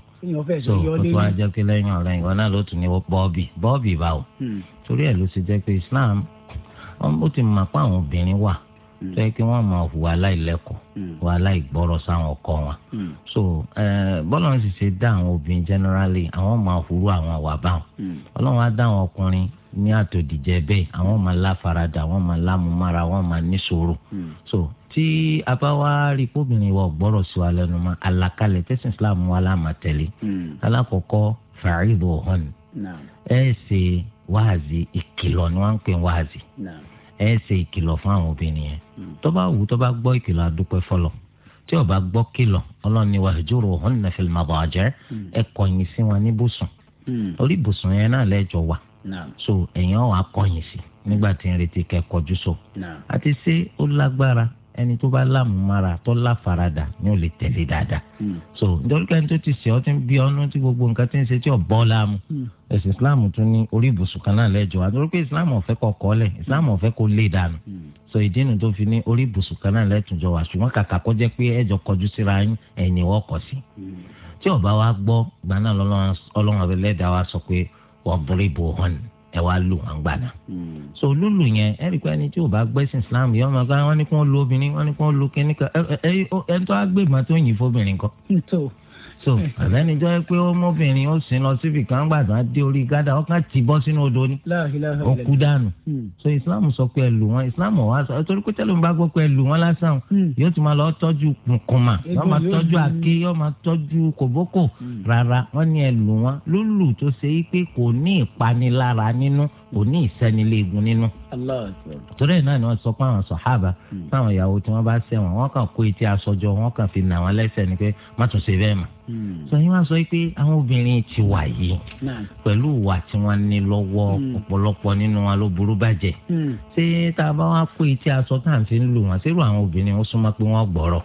so kò tó wá jẹ́ pé lẹ́yìn ọ̀rẹ́ ìwọ náà ló tún ní bọ́ọ̀bì bọ́ọ̀bì báwo hmm. torí ẹ̀ ló ṣe jẹ́ pé islam ó ti mọ̀ pé àwọn obìnrin wà Mm. tó yẹ kí wọ́n máa hùwà láìlẹ́kọ̀ọ́ mm. hùwà láìgbọ́rọ̀ sáwọn ọkọ wọn. Mm. so bọ́lá ń sì ṣe dá àwọn obìnrin generally àwọn máa hurú àwọn àwà báwọn ọlọ́run á dá àwọn ọkùnrin ní àtòdìjẹ bẹ́ẹ̀ àwọn máa láfaradà àwọn máa lámúmára àwọn máa níṣòro. so tí a bá wá rí kóbìnrin wa gbọ́rọ̀ sí wa lẹ́nu mọ́ àlàkalẹ̀ tẹ́sán islam wa la máa tẹ̀lé alákọ̀ọ́kọ́ fàáyìbò hàn ẹ̀ ṣe wáàzì ìkìlọ̀ ni wọ́n ń pè wáàzì ẹ ṣe ìkìlọ̀ fún àwọn obìnrin yẹn tó bá wù tó bá gbọ́ ìkìlọ̀ adúpẹ́ fọlọ́ tí ó bá gbọ́ kìlọ̀ ọlọ́run ni wahjuruhunna fil madajir ẹ kọ̀yìn sí wọn ní bùsùn hmm. orí bùsùn yẹn náà lẹ́jọ wà so èèyàn wà kọ̀yìn sí nígbà tí ń retí kẹ́ kọjú so àti ṣé ó lágbára ẹni tó bá lámùmára tó láfaradà ni ó lè tẹ̀lé dáadáa. Hmm. so nítorí pé ẹni tó ti ṣe ọ ti bí ọnu tí gbogbo nǹkan ti ń ṣe tí ò bọ́ láàmú. Hmm. ẹ̀sìn islam tún ní orí ibùsùn kan náà lẹ́jọ́ àdúró pé islam ọ̀fẹ́ kọ̀ kọ́lẹ̀ islam ọ̀fẹ́ kò lè dànù. Hmm. so ìdí nu tó fi ní orí ibùsùn kan náà lẹ́tùjọ wà ṣùgbọ́n kàkà kó jẹ́ pé ẹjọ́ kọjú síra yín ẹ̀yìn wọ́kọ̀ sí. tí ọba wa gbọ́ ẹ wá lù wọn gbà náà. so lulu yẹn ẹ rí i pé ẹni tí ò bá gbẹ́sìn islam yọ ọmọ kan wọ́n ní kí wọ́n lu obìnrin wọ́n ní kí wọ́n lu kíníkan ẹ ẹ ẹ tó á gbé ìgbà tó yìn fóbìnrin kan so àtẹnijọ yẹ pé ọmọbìnrin ó sin lọ síbi kan gbà tán dé orí gádà ó kàn ti bọ́ sínú odò ni ó kú dànù hmm. so islam sọ pé ẹ lù wọn islam wà sọ torí pé tẹ́lẹ̀ ń bá gbọ́ pé ẹ lù wọn lásán hmm. yóò tún máa lọ tọ́jú kùnkùnmà yóò máa tọ́jú àké yóò máa tọ́jú kòbókò hmm. rárá wọ́n ní ẹ lù wọn lólù tó ṣe é pé kò ní ìpanilára nínú kò ní ìsẹ́niléegun nínú torí ẹ̀ náà ni wọ́n sọ pé àwọn sọ̀hábà táwọn ìyàwó tí wọ́n bá ṣẹ̀wọ̀n wọ́n kàn kó etí asọjọ́ wọ́n kàn fi nà wọ́n lẹ́sẹ̀ ni pé má tún ṣe bẹ́ẹ̀ mọ́ sọyìn wá sọ pé àwọn obìnrin ti wà yìí pẹ̀lú ìwà tí wọ́n ní lọ́wọ́ hmm. ọ̀pọ̀lọpọ̀ nínú wa ló burú bàjẹ́ hmm. ṣé tá a bá wá kó etí aṣọ tá à ń fi ń lù wọ́n sẹ́rù àwọn obìnrin ó súnmọ́ pé wọ́n gbọ́rọ̀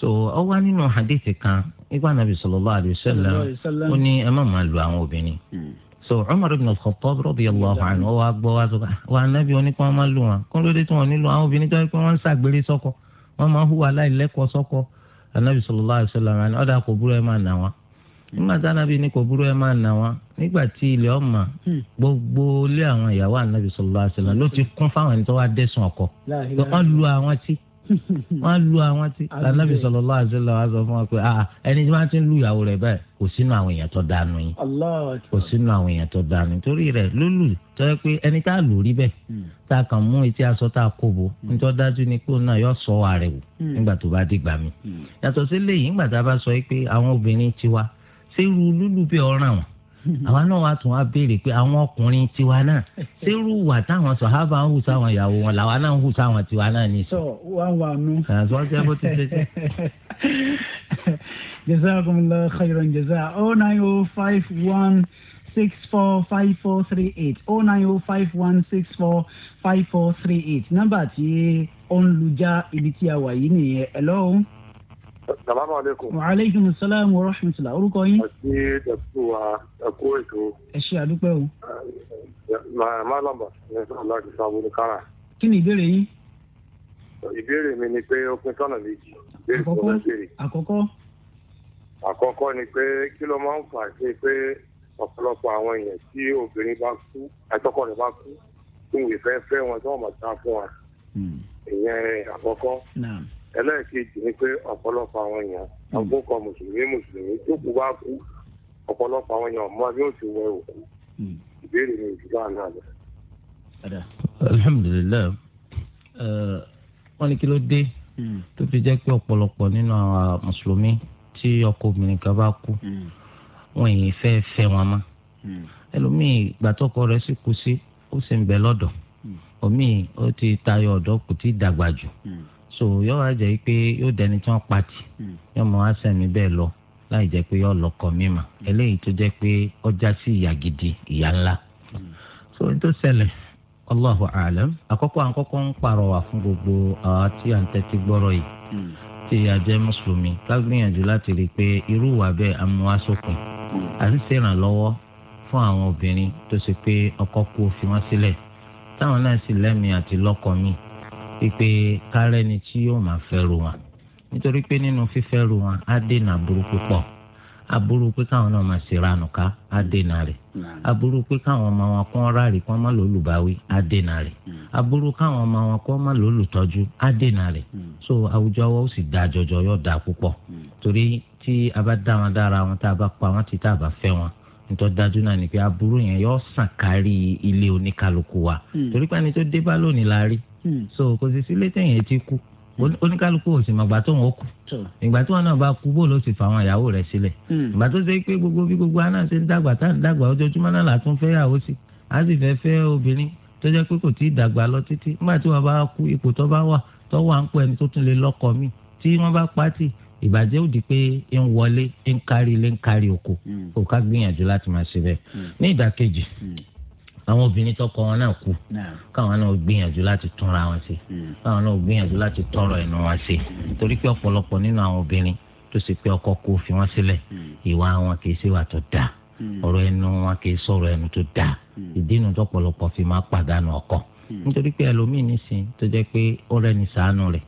so ọ wá nínú hadith kan nígbà nàbì sallallahu alaihi wasallam ó ní ẹ má máa lu àwọn obìnrin hmm. so Umar ibn al-Khattab radiyallahu anhu wa gbọ́ wa sọ wa nàbì oníkan máa lù wọn kó ló dé tí wọ́n nílò àwọn obìnrin tó yẹ pé wọ́n ń ṣàgbèrè sọ́kọ wọ́n máa hùwà láìlẹ́kọ̀ọ́ sọ́kọ anabi sallallahu alaihi wasallam ni ọdà kò burú ẹ máa nà wọn nígbà tí anabi ní kò burú ẹ máa nà wọn nígbà tí ilẹ̀ ọmọ hmm. gbogbo ilé àwọn ìyàwó anabi sallallahu alaihi wasallam ló ti kún fáwọn ẹni tó wá dẹ́sùn ọkọ wọn lu àwọn tí. wọ́n lu àwọn tí. lànàbì sọlọ lọ àti lọ àzọ fún wa pé ah, ẹni tí wọ́n ti ń lu ìyàwó rẹ̀ báyìí kò sínú àwọn èèyàn tó dànù yín kò sínú àwọn èèyàn tó dànù yín torí rẹ̀ lólù tó yẹ pé ẹni tá a lò rí bẹ́ẹ̀ hmm. tá a kàn mú etí aṣọ tá a kó bo hmm. nítorí dájú ni pé òun náà yóò sọ wa rẹ̀ wò hmm. nígbà tó bá dìgbà mi yàtọ̀ sí lẹ́yìn nígbà tá a bá sọ pé àwọn obìnrin tiwa ṣé irú lúlù bí ọ̀ràn wọn àwọn náà wàá tún wá béèrè pé àwọn ọkùnrin tiwa náà sẹ́rù wà táwọn sọ̀hábà ń hù sáwọn ìyàwó wọn làwa náà ń hù sáwọn tiwa náà ní. sọ wàá wà nù. àtúwọ́ sẹ́ bó ti ṣe ṣe. jazakumullahu khairan jazaa oh nine o oh five one six four five four three eight O oh nine o oh five one six four five four three eight nọ́mbà tí ó ń lu já ibi tí a wà yìí nìyẹn ẹ lọ́hùn salaamaleykum. wa aleykum salaam wa rahmatulah orúkọ yín. àti dàkú wa dàkú ètò. ẹ ṣe àdúpẹ́ o. màá lọ́mọ ní sọ́ọ̀lá ti sábò ní kára. kí ni ìbéèrè yín. ìbéèrè mi ni pé ó pín sọ́nà méjì. àkọ́kọ́ àkọ́kọ́. àkọ́kọ́ ni pé kí ló máa ń fà ṣe pé ọ̀pọ̀lọpọ̀ àwọn èèyàn tí obìnrin bá kú àtọkọ rẹ̀ bá kú fún ìfẹ́ fẹ́ wọn tí wọ́n ẹlẹ́ẹ̀kejì ni pé ọ̀pọ̀lọpọ̀ àwọn èèyàn àgbókọ mùsùlùmí mùsùlùmí tó kù bá kú ọ̀pọ̀lọpọ̀ àwọn èèyàn mọ́ bí ó ti wẹ òkú ìbéèrè mi ìdúrà náà lọ. alhamdulilayi wọn ní kí ló dé hmm. tó fi jẹ́ pé ọ̀pọ̀lọpọ̀ nínú àwọn mùsùlùmí tí ọkọ obìnrin kan bá kú hmm. wọn yìí fẹ́ fẹ́ wọn mọ́ hmm. ẹlòmíì gbàtọ́kọ rẹ̀ sì kú sí ó sì ń bẹ lọ́dọ̀ omi ó ti tayọ ọ̀dọ́ kò tí dàgbà jù. so yóò wá jẹ́ pé yóò dẹni tí wọ́n pati hmm. yóò mọ àṣẹmí bẹ́ẹ̀ lọ láì jẹ́ pé yóò lọ́kọ mímà hmm. eléyìí tó jẹ́ pé ọjà sí ìyà gidi ìyà ńlá hmm. so n tó ṣẹlẹ̀ allahu alam àkọ́kọ́ àkọ́kọ́ ń pàrọwà fún gbogbo àwọn tí à ń tẹ́tí gbọ́rọ̀ yìí tí a jẹ́ mùsùlùmí ká gbìyànjú láti rí i pé irú wà bẹ́ẹ̀ amúhásókun à ń ṣèrànlọ́wọ́ fún àwọn obìnrin tó ṣe pé ọkọ̀ kú òfin wọn sílẹ̀ táwọn náà sì lẹ́mìí àti lọ́kọ míì pípé kárẹ́ni tí yóò máa fẹ́rù wọn nítorí pé nínú fífẹ́rù wọn á dènà burúkú pọ̀ aburú pé káwọn náà máa ṣe ranù ká á dènà rẹ̀ aburú pé káwọn ọmọ wọn kọ́ ráàlì kọ́ má lólùbáwí á dènà rẹ̀ aburú káwọn ọmọ wọn kọ́ má lólùtọ́jú á dènà rẹ̀ so àwùjọ wa ó sì da jọjọ yóò da púpọ̀ torí tí a bá dá wọn dára wọn tá a bá pa wọn tí tá a bá fẹ́ wọn nítorí dájú náà ni pé aburú yẹn yóò sàn kárí ilé oníkálukú wa hmm. torí pé ẹni tó dé bá lónìí la rí Hmm. so kò sì sílé tẹ̀yìn etí kú hmm. oníkálukú ò sì mọ̀ ìgbà tó wọn kú ìgbà tí wọn náà bá kú bóòlù ó sì fa àwọn ìyàwó rẹ̀ sílẹ̀ hmm. ìgbà tó ṣe pé gbogbo bí gbogbo aná ṣe ń dàgbà tá ń dàgbà ojoojúmọ́ náà látún fẹ́ yàwó sí a sì fẹ́ fẹ́ obìnrin tó jẹ́ pé kò tí ì dàgbà lọ títí nígbà tí wọn bá kú ipò tó bá wà tó wà ń pọ̀ ẹni tó tún lè lọ́kọ mi tí wọ́n bá pátì ìbàjẹ́ òdì pé ń wọlé ń kárí ilé ń kárí oko kò àwọn obìnrin tọkọ wọn náà kú káwọn náà gbìyànjú láti túnra wọn ṣe hmm. káwọn náà gbìyànjú láti tọrọ ẹnu wọn ṣe torí pé ọ̀pọ̀lọpọ̀ nínú àwọn obìnrin tó ṣe pé ọkọ kó fi wọn sílẹ̀ hmm. ìwà wọn kì í ṣe wà tó dáa hmm. ọ̀rọ̀ ẹnu wọn kì í sọ̀rọ̀ ẹnu tó dáa ìdínú tọ̀pọ̀lọpọ̀ fi máa pàdánù ọkọ nítorí pé ẹlòmíì nísìn tó jẹ́ pé ọ̀rẹ́ ní ṣàánú rẹ̀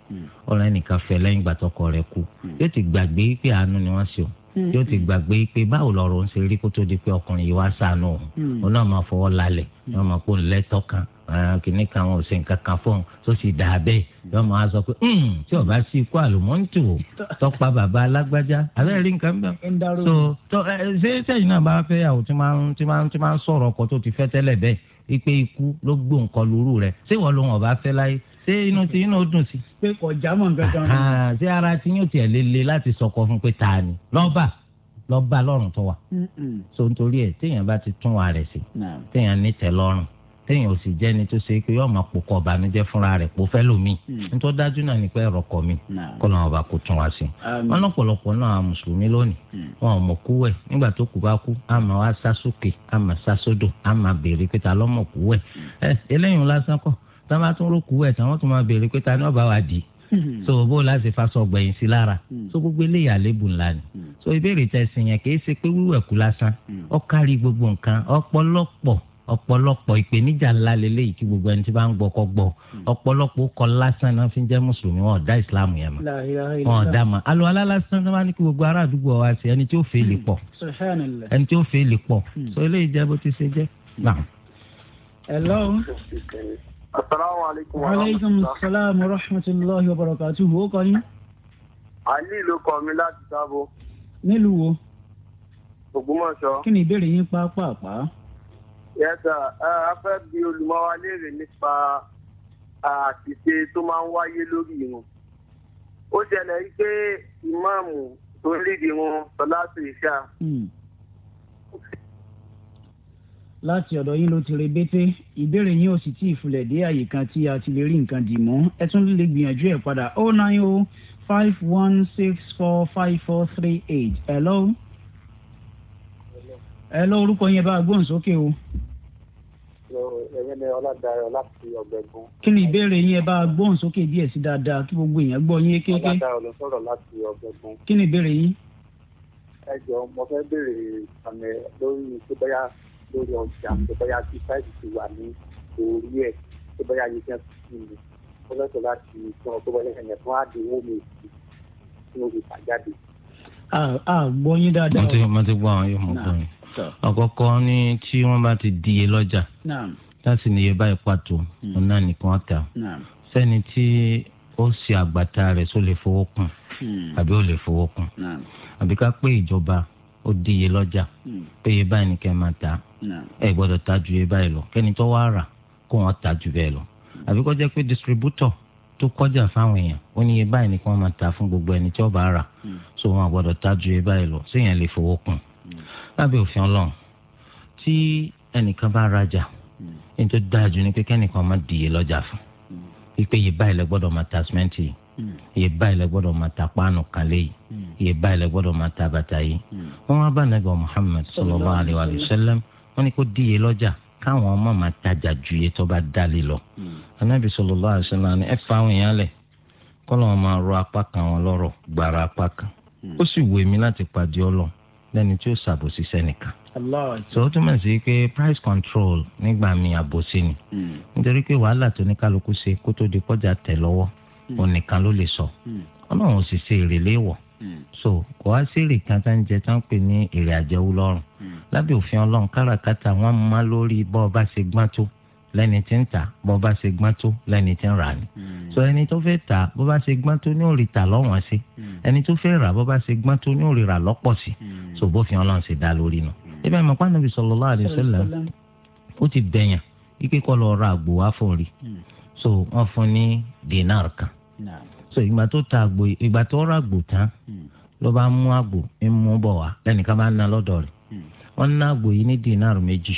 ọ̀rẹ́ nìkan fẹ́ lẹ́yìn gbàtọkọ rẹ̀ kú yóò ti gbàgbé pé àánú ni wọ́n ṣe Mm-hmm. yóò ti gbàgbé pé báwo lọ̀rọ̀ ń ṣe rí kó tó di pé ọkùnrin yìí wá sànù mm-hmm. òun náà máa fọwọ́ lálẹ̀ náà mm-hmm. máa kó kan Ah, kìnnì kan wọn ò ṣe nǹkan kan fún un tó sì dà bẹ́ẹ̀ yọ máa sọ pé hmm, tí o bá sí ikú àlùmọ́ǹtì o tọ́pa bàbá alágbájá abẹ́rẹ́ rí nǹkan bẹ́ẹ̀. so tó ẹ ṣé sẹ́yìn náà bá fẹ́ àwọn tí máa ń tí máa ń tí máa ń sọ̀rọ̀ ọkọ tó ti fẹ́ tẹ́lẹ̀ bẹ́ẹ̀ wípé ikú ló gbó nǹkan lóru rẹ̀ ṣé ìwọ ló ń ọba fẹ́ láyé ṣé inú ti inú dùn sí. pé kọjá mọ̀ nǹkan kan. ṣé ara ti yóò tiẹ̀ tó wà. so nítorí ẹ̀ téèyàn bá ti tún wa rẹ̀ sí téèyàn ní tẹ́ lọ́rùn téèyàn ò sì jẹ́ ni tó ṣe pé yóò máa pokọ ọ̀bànújẹ́ fúnra rẹ̀ kó fẹ́ lómi hmm. nítorí dájú náà ni pé mi kọ́ lọ́n ọba kò tún wá sí i um. wọn lọ́pọ̀lọpọ̀ náà mùsùlùmí lónìí hmm. wọn ò mọ̀ kú wẹ̀ nígbà tó kú bá kú a máa wá sá sókè a sá sódò a béèrè pé lọ́mọ̀ kú hmm. ẹ lásán kọ́ a tún ró kú tún máa so bó la ṣe fasọ gbẹ̀yìn sí lára so gbogbo eléyà ọ̀pọ̀lọpọ̀ ìpèníjà ńlá lélẹ́yìí kí gbogbo ẹni tí bá ń gbọ́ kọ́ gbọ́ hmm. ọ̀pọ̀lọpọ̀ kọ́ lásán náà fi ń jẹ́ mùsùlùmí wọn ọ̀dá ìsìláàmù yẹn mọ̀ wọn ọ̀dá mọ̀ alùpàlà lásán náà wá ní kí gbogbo ará àdúgbò wa ṣe ẹni tí ó fẹ́ lè pọ̀ ẹni tí ó fẹ́ lè pọ̀ hmm. so eléyìí jẹ́ bó ti ṣe jẹ́. hello. asalaamualeykum wa rahmatulah. wa rahmatulah wa barakatuhu o kọ́ yín. àní ló kọ mi láti sábò. nílùú wo. Ògbómọ̀ṣọ́. kí ni ìbéèrè yín pàápàá pàá yẹ́sà uh, a fẹ́ bi olùmọ̀ wa léèrè nípa àṣìṣe tó máa ń wáyé lórí irun ó ṣẹlẹ̀ wípé ìmáàmù tó ń lédè wọn sọláṣù ìṣá. Hmm. láti ọ̀dọ̀ yín ló ti rebété ìbéèrè yín ò sì tí ì fulẹ̀ dé àyè kan tí a ti lè rí nǹkan dì mọ́ ẹ tún lè gbìyànjú ẹ̀ padà o oh nine o oh five one six four five four three eight hello hello orúkọ yẹn bá a gbóhùn sókè o ẹ̀yẹ́ni ọ̀làdàrọ̀ láti ọ̀gbẹ̀gun. kí ni ìbéèrè yín ẹ bá gbóhùn sókè díẹ̀ sí dáadáa kí gbogbo èèyàn gbọ́ yín kéèké. ọ̀làdàrọ̀ ló sọ̀rọ̀ láti ọ̀gbẹ̀gun. kí ni ìbéèrè yín. ẹ jọ mo fẹ́ béèrè àmì lórí ìṣẹ́bẹ́yà lórí ọjà ìṣẹ́bẹ́yà tí fáìlì ti wà ní orí ẹ̀ ìṣẹ́bẹ́yà yìí fẹ́ fi mi ó lọ́sọ̀ láti sọ ọ̀gbẹ́bọ̀lẹ́ ẹ̀yẹ̀ fún àdéhùn mi tí mo fi tà jáde. a gbọ́ yín dáadáa. mo ti gbọ́ àwọn yóò mọ̀ gbọ́ yín àkọ́kọ́ ní tí wọ́n bá ti di iye lọ́jà láti ní iye báyìí pàtó hmm. ọ̀nà nìkan ta sẹ́ni tí ó ṣe àgbàtà rẹ̀ só lè fowó kùn hmm. àbí ó lè fowó kùn àbí ká pé ìjọba ó di iye lọ́jà hmm. pé iye báyìí nìkan máa ta ẹ gbọ́dọ̀ ta ju iye báyìí lọ kẹ́ni tó wá rà kó wọ́n ta ju bẹ́ẹ̀ lọ àbí kó pé distributor tó kọjá fáwọn èèyàn ó ní iye báyìí nìkan máa ta fún gbogbo ẹni tí ó bá rà so wọn àgbọ́dọ̀ ta ju iye báyìí lọ séèyàn lè fowó kùn lábẹ́ òfin ọlọ́run tí ẹnìkan bá rajà hmm. ní tó dájú ni pé kẹ́nìkan máa dìye lọ́jà fún pípé hmm. yìí báyìí lẹ gbọ́dọ̀ máa ta sìmẹ́ǹtì yìí hmm. iye báyìí lẹ gbọ́dọ̀ máa ta páànù kan léyìí iye báyìí lẹ gbọ́dọ̀ máa ta bàtà yìí wọn wá bá nàgbà Muhammad sallallahu alayhi wa sallam wọn ni kó díye lọ́jà káwọn ọmọ máa tajà ju iye tó bá dálé lọ anabi sallallahu alayhi sallam ni ẹ fa àwọn èèyàn lẹ kọ́ lọ́wọ́ máa rọ apá kan wọn lọ́rọ̀ gbàrà apá kan ó sì wù mí láti pàdé ọlọ́run lẹ́ni tí ó ṣàbòsí sẹ́nìkan. so ó túmọ̀ sí pé price control nígbà mi àbòsí ni hmm. nítorí pé wàhálà tó ní kálukú ṣe kó tó di kọjá tẹ̀ lọ́wọ́ onìkan hmm. ló lè sọ hmm. ọlọ́run ò sì ṣe èrè léwọ̀ so kò wá sí èrè kan tá ń jẹ tá ń pè ní èrè àjẹwò lọ́rùn lábẹ́ òfin ọlọ́run káràkátà wọ́n máa lórí bọ́ ọ bá ṣe gbọ́n tó lẹ́ni tí ń tà bó bá ṣe gbọ́n tó lẹ́ni tí ń rà ni. Hmm. so ẹni tó fẹ́ tà bó bá ṣe gbọ́n tó ní òòrì tà lọ́wọ́n sí hmm. ẹni tó fẹ́ rà bó bá ṣe gbọ́n tó ní òòrì rà lọ́pọ̀ sí hmm. so bófin ọlọ́run ṣe dá lórí nu. ibẹ̀ mọ̀ pàǹdàbí sallallahu alaihi wasallam ó ti bẹ̀yàn ike kọ́ lọ ra àgbò wá fún rí so wọ́n fún ní dinar kan so ìgbà tó ta àgbò ìgbà tó ra àgbò tán ló bá mú àgbò ń mú bọ̀ wá lẹ́nìkan bá ń ná lọ́dọ̀ rẹ̀ wọ́n ná àgbò yìí ní dinar méjì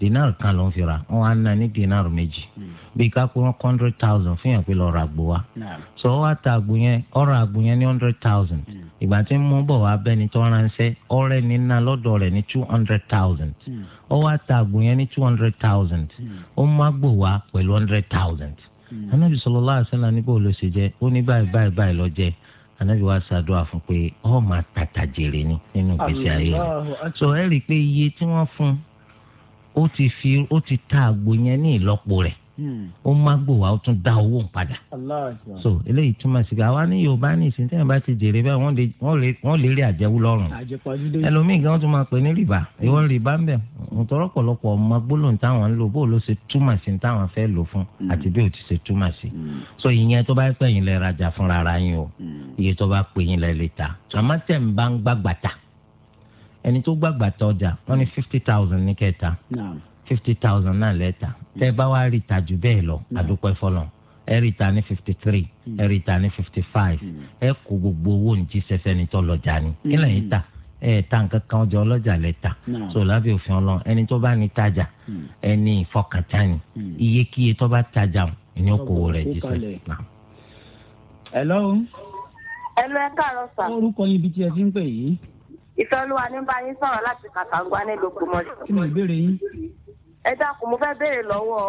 dinar kan ló ń fi ra wọn á ná ní dinar méjì bíi ká pé wọn hundred thousand fún yàn pé lọ́ọ́ ra àgbò wa so ó wá ta àgbò yẹn ọ̀rọ̀ àgbò yẹn ní hundred thousand hmm. ìgbà tí ń mú bọ̀ wá bẹ́ni tó ránṣẹ́ ọ̀rẹ́ ní ná lọ́dọ̀ rẹ̀ ní two hundred thousand hmm. ó wá ta àgbò yẹn ní two hundred thousand hmm. ó mú àgbò wa pẹ̀lú hundred thousand anabi sallallahu alaihi wasallam níbo ló ṣe jẹ ó ní báyìí báyìí báyìí lọ jẹ anabi wa ṣàdúrà fún pé ọ máa tàtà jèrè ni nínú ìgbésí ayé rẹ so ẹ rí i pé iye tí wọn fún ó ti fi ó ti ta àgbo yẹn ní ìlọ́po rẹ̀ hmm. ó má gbò ó tún dá owó padà so eléyìí túmọ̀ sí àwa ní yorùbá ní ìsìn tẹ́yìn bá ti jèrè bẹ́ẹ̀ wọ́n lè rí àjẹwò lọ́rùn ẹlòmíì gan tún máa pè ní rìbá ìwọ rìbá ń bẹ̀ ntọ́rọ́pọ̀lọpọ̀ ọmọ gbólóhùn táwọn ń lò bó ló ṣe túmọ̀ sí táwọn fẹ́ lò fún hmm. àti bí ó ti ṣe túmọ̀ sí hmm. so ìyẹn tó bá pẹ̀yìn lẹ́ rajà fúnra ara yín o iye tó bá pẹ̀yìn lẹ́ lè ẹni tó gbàgbà tọjà wọn ní fifty thousand ní kẹta fifty thousand náà lẹ́ta tẹ́ ẹ bá wá rí ìtajú bẹ́ẹ̀ lọ àdúpẹ́ fọlọ́ ẹ rí ìta ní fifty three hmm. ẹ rí ìta ní fifty five hmm. ẹ kó gbogbo owó nìjí sẹsẹ ní tọ́ lọ́jà ni kí lẹ́yìn hmm. ta ẹ ta nǹkan kan jọ ọlọ́jà lẹ́ta so lábẹ́ òfin ọlọ́run ẹni tó bá ní tajà ẹni ìfọkàntà ni iyekíye tó bá tajà ni ó kówó rẹ̀ jí sẹ́yìn. hello. hello ẹ káàárọ̀ sà. orúkọ yín ibi tí ẹ ti ń ìfẹ́ olúwa ní bá yín sọ̀rọ̀ láti kàtàǹgbá nílùú Ògbómọ̀ṣọ́. kí ni ìbéèrè yín. ẹ dákun mo fẹ́ béèrè lọ́wọ́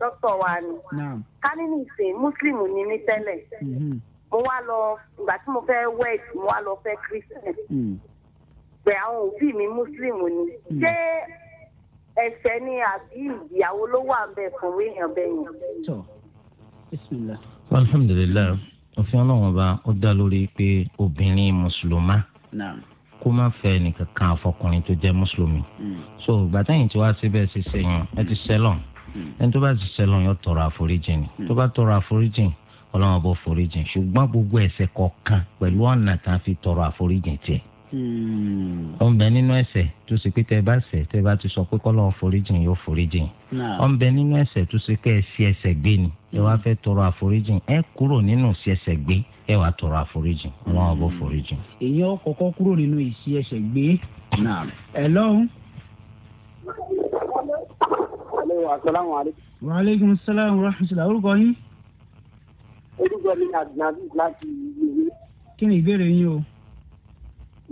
dókítà wa ni. ká nínú ìsìn muslim ni mí tẹ́lẹ̀. Mm-hmm. mo wá lọ ìgbà tí mo fẹ́ wed mo wá lọ fẹ́ christian. Mm. pé àwọn òbí mi muslim ni. Mm. ṣé ẹ̀ṣẹ̀ ni àbí ìyàwó ló wà ń bẹ fún wíyàn bẹ́yìn. tọ́ bismillah. alhamdulilayi òfin ọlọ́run ọba ó dá lórí pé obìnrin mùsùlùmá. naam kó má fẹ́ nìkan kan àfọkùnrin tó jẹ́ mùsùlùmí hmm. so gbàtẹ́yìn tí wàá síbẹ̀ ṣe sẹ́yìn ẹ ti sẹ́lọ̀n hmm. ẹni tó bá ti sẹ́lọ̀n yóò tọrọ àforíjìn ni hmm. tó bá tọrọ àforíjìn ọlọ́run bó foríjìn ṣùgbọ́n gbogbo ẹ̀ṣẹ̀ kọ̀ọ̀kan pẹ̀lú ọ̀nà tá a fi tọrọ àforíjìn tiẹ̀ ó ń bẹ nínú ẹ̀ṣẹ̀ tó ṣe pé tẹ bá ṣẹ̀ tẹ bá ti sọ pé kọlọ foríjìn yóò foríjìn ó ń bẹ nínú ẹ̀ṣẹ̀ tó ṣe pé ẹ ṣi ẹ̀ṣẹ̀ gbé ni ẹ wá fẹ́ tọrọ àforíjìn ẹ kúrò nínú ṣi ẹ̀ṣẹ̀ gbé ẹ wàá tọrọ àforíjì ọlọ́run ọbọ foríjì. èèyàn kọ́kọ́ kúrò nínú ìṣí ẹsẹ̀ gbé ẹ lọ́hùn. waaleykum salaam wa rahmatulah orúkọ yín. orúkọ mi ni àdìnàbí láti ìlú. kí ni ìbéèrè yín o.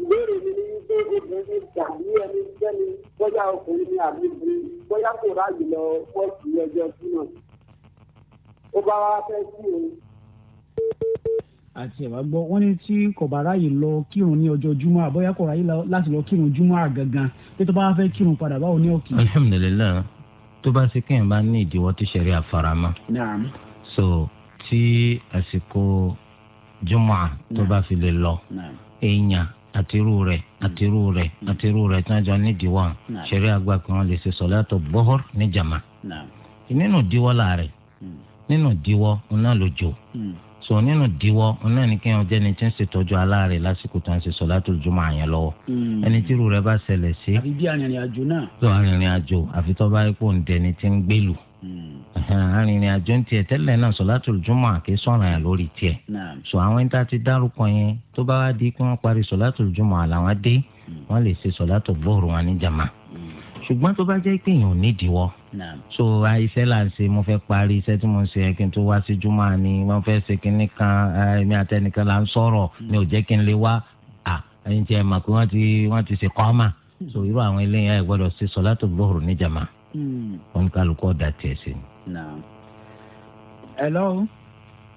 ìbéèrè mi ni pé obìnrin gbà ní ẹni sẹ́ni bóyá ọkùnrin ni àbí bóyá kò ráàyè lọ pọ́ọ̀sì ẹjọ́ sínú. ó bá wá fẹ́ sí o àti ẹ̀wà gbọ́ wọ́n ní tí kọ̀bárà yìí lọ kírun ní ọjọ́ júmọ́ àbọ̀yá kọ̀ọ̀rà yìí láti lọ kírun júmọ́ àgangan tó bá fẹ́ kírun padà báwo ní òkè. alhamdulilayi tó bá ṣe kéèyàn bá ní ìdíwọ́ tí sẹ̀rí àfaramọ́ so tí àsìkò júmọ́ tó bá fi lè lọ èèyàn àtirú rẹ̀ àtirú rẹ̀ àtirú rẹ̀ tí wọ́n jọ nídìíwọ́ sẹ̀rí àgbà pé wọ́n lè ṣe sọ̀látọ̀ bọ́họ́r ní jàmá nínú ìdíwọ́ láàrẹ̀ hmm. nínú ìdíwọ́ so nínú diwọ náà ni kéèyàn jẹ́ ni tí ń ṣètọ́jú aláàárẹ̀ lásìkò tó ń ṣe solatul jumu'a àyàn lọ́wọ́ hmm. ẹni tí irú rẹ̀ bá ṣẹlẹ̀ sí. àbí bí arìnrìn àjò náà. tó arìnrìn àjò àfi tó bá rí pò ń dẹni tí ń gbèlú hmm. arìnrìn àjò ń tiẹ̀ tẹ́lẹ̀ náà solatul jumu'a àké sọ̀ràn yà lórí tiẹ̀ so àwọn ẹni tá a ti dárúkọ yẹn tó bá wá di pé wọ́n parí solatul jumu'a làwọn dé hmm. wọ́n lè ṣe solatul zuhur wọn ní jàmá ṣùgbọ́n tó so iṣẹ́ là ń ṣe mo fẹ́ parí iṣẹ́ tí mo ń ṣe ẹ kí n tó wá sí júmọ́ ni wọ́n fẹ́ ṣe kínní kan ẹ̀mí àtẹnìkan là ń sọ̀rọ̀ mm. mi ò jẹ́ kí n lè wá à ẹ̀yin tí ẹ mọ̀ pé wọ́n ti wọ́n ti ṣe kọ́mà mm. so irú àwọn eléyìí ẹ gbọ́dọ̀ ṣe sọ̀látù gbòòrò níjàmá wọn mm. kálukọ́ tiẹ̀ sí ni. hello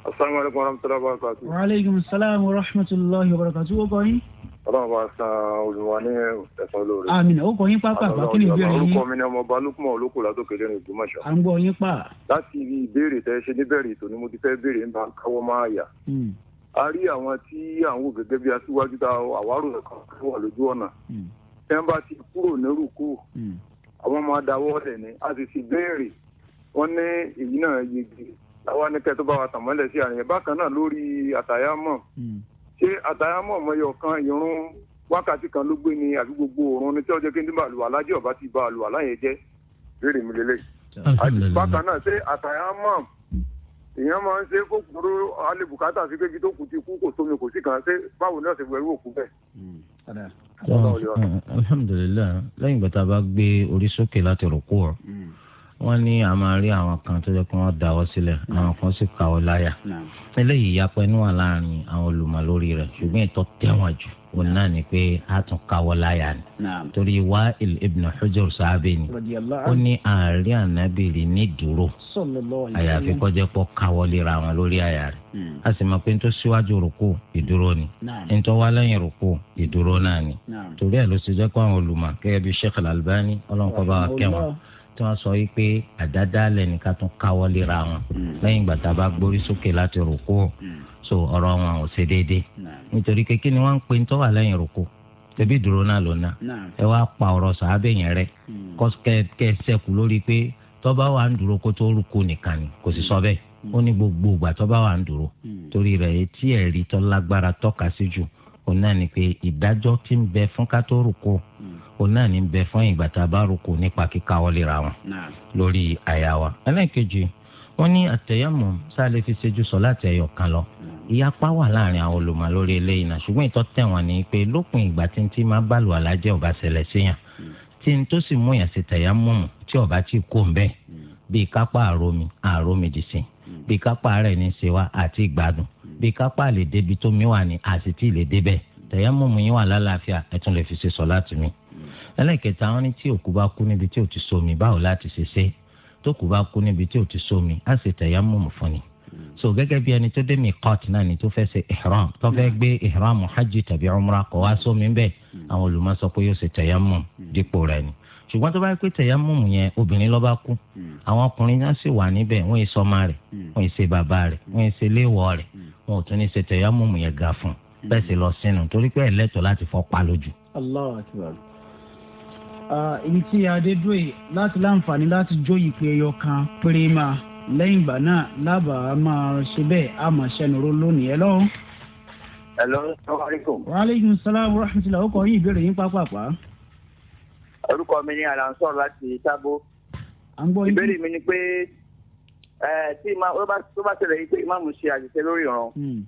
asalaamualeykum warahmatulahi wabarakatu. waaleykum salaam wa rahmatulahi wa barakatu. o kọ́ yín. ọlọ́run bá san olùwà ní ẹ̀sán olóore. àmín o kọ́ yín pàápàá bá kí ni ìbéèrè yín. orúkọ mi ni ọmọ balùkùmọ̀ olóko látòkèlè ní ìdúmọ̀ṣọ́. à ń gbọ́ yín pa. láti ibi ìbéèrè tẹ ṣe níbẹ̀rẹ̀ ètò ni mo ti fẹ́ béèrè ń bá káwọ́ máa yà. Hmm. a rí àwọn tí à ń wò gẹ́gẹ́ bí aṣíwájú ta àwárò kan tó wà lójú ọ̀nà. Hmm. tẹ́ ń bá ti kúrò nírùkú hmm. àwọn máa dáwọ́ lẹ̀ ni a àwa ni kẹtù bá wa tàmọ́lẹ̀ sí àyẹ̀ bákan náà lórí àtàyámọ̀ hmm. ṣé àtàyámọ̀ mọyọ kan irun wákàtí kan ló gbé ni àbí gbogbo òórùn ni tí ọjọ́ kí n bá lu alájẹ ọba ti bá lu aláyẹ jẹ lórí mi lélẹ̀ bákan náà ṣé àtàyámọ̀ èèyàn máa ń ṣe kó alébùkátà sí pé kí tó kù ti kú kò sómi kò sí kan ṣé báwo ni ọ̀sẹ̀ gbẹ̀rú òkú bẹ́ẹ̀ hmm. alhamdulilayi lẹ́yìn gbàtà bá gbé orí sókè láti rò kú ọ hmm wọ́n ní a máa rí àwọn kan tó jẹ́ pé wọ́n dáwọ́ sílẹ̀ àwọn kan sì kà ọ́ láyà eléyìí yapa inú wà láàrin àwọn olùmọ̀ lórí rẹ̀ ṣùgbọ́n ìtọ́ tẹ̀wọ̀n jù òun náà ni pé a tún kawọ́ láyà ni torí Wa'il ibn Hujr sáábẹ̀ ni ó ní àárín ànábìrì ní dúró àyàfi kọjá pọ̀ kawọ́ lera wọn lórí àyà rẹ̀ hmm. a sì mọ̀ pé n tó síwájú rúkú ìdúró ni n tó wá lẹ́yìn rúkú ìdúró náà ni torí ẹ̀ ló ṣe jẹ́ pé àwọn olùmọ̀ kẹ́kẹ́ tí wọ́n sọ wípé àdádálẹ̀ nìkan tún káwọ́ lera wọn hmm. lẹ́yìn ìgbà tá a bá gbórí sókè láti rúkú hmm. so ọ̀rọ̀ wọn ò ṣe déédéé nítorí pé ni wọ́n ń pe tó wà lẹ́yìn rúkú tẹ̀bí dúró náà lọ́nà ẹ wá pa ọ̀rọ̀ sàábẹ̀ yẹn rẹ kẹ́ ẹ sẹ́kù lórí pé tọ́ba wà ń dúró kó tó rúkú nìkan ni kò sì sọ hmm. bẹ́ẹ̀ ó ní gbogbo ìgbà tọ́ba wà ń dúró torí rẹ̀ etí ẹ̀rí tó tọ́ka sí òun náà ni pé ìdájọ́ ti ń bẹ fún ká rúkú òun náà ní bẹ fún ìgbà tá a bá roko nípa kíkáwọ́ lera wọn lórí àyà wa. ẹlẹ́ẹ̀kejì wọ́n ní àtẹ̀yàmọ̀ sáàlẹ̀ fi ṣẹ́jú sọ láti ẹ̀yọ̀ kan lọ ìyapa wà láàrin àwọn olùmọ̀ lórí eléyìí náà ṣùgbọ́n ìtọ́ tẹ̀wọ̀n ni pé lópin ìgbà tí n ti máa bá lù alájẹ́ ọ̀bá ṣẹlẹ̀ síyàn tí n tó sì mú yàn sí tẹ̀yàmọ̀ tí ọ̀bá ti kó ń bẹ́ẹ̀ bíi kápá àromi àromi dì sí bíi kápá rẹ̀ ní ṣe wá àti ìgbádùn bíi kápá lè débi tó wà ní àsìtì lè débẹ̀ tẹ̀yàmọ̀ yín wà lálàáfíà ẹ tún lè fi ṣe sọ láti mi ẹlẹ́kẹta wọn ní tí òkú bá kú níbi tí ò ti sómi báwo láti ṣe ṣe tó kú bá kú níbi tí ò ti sómi á sì tẹ̀yà mọ̀mọ́ fún ni. so gẹ́gẹ́ bí ẹni tó dé mi kọ́t náà ni tó fẹ́ ṣe ihram tó fẹ́ gbé ihram hajj tàbí umra kọ́ wá sómi bẹ́ẹ̀ àwọn olùmọ̀ sọ pé yóò ṣe tẹ̀yà mọ̀ dípò rẹ̀ ni ṣùgbọ́n tó bá pé tẹ̀yámùmù yẹn obìnrin lọ́ba kú àwọn ọkùnrin náà sì wà níbẹ̀ wọ́n yìí sọ́mà rẹ̀ wọ́n yìí ṣe bàbá rẹ̀ wọ́n yìí ṣe léèwọ̀ rẹ̀ wọ́n ò tún ní ṣe tẹ̀yámùmù yẹn ga fún bẹ́ẹ̀ sì lọ sínú torí pé ẹ̀lẹ́tọ̀ láti fọ́ pa lójú. ibi tí adé láti láǹfààní láti jó ìpè ẹyọ kan péré máa lẹ́yìn ìgbà náà lábàá máa ṣe bẹ́ẹ̀ máa ṣẹnuró lónìí ẹ Wa wa mi ni Alansor láti Sábó. À ń gbọ́ yín. Ìbéèrè mi ni pé tí ó bá ṣẹlẹ̀ yìí pé ìmáàmù ṣe àṣìṣe lórí ìran. Hmm.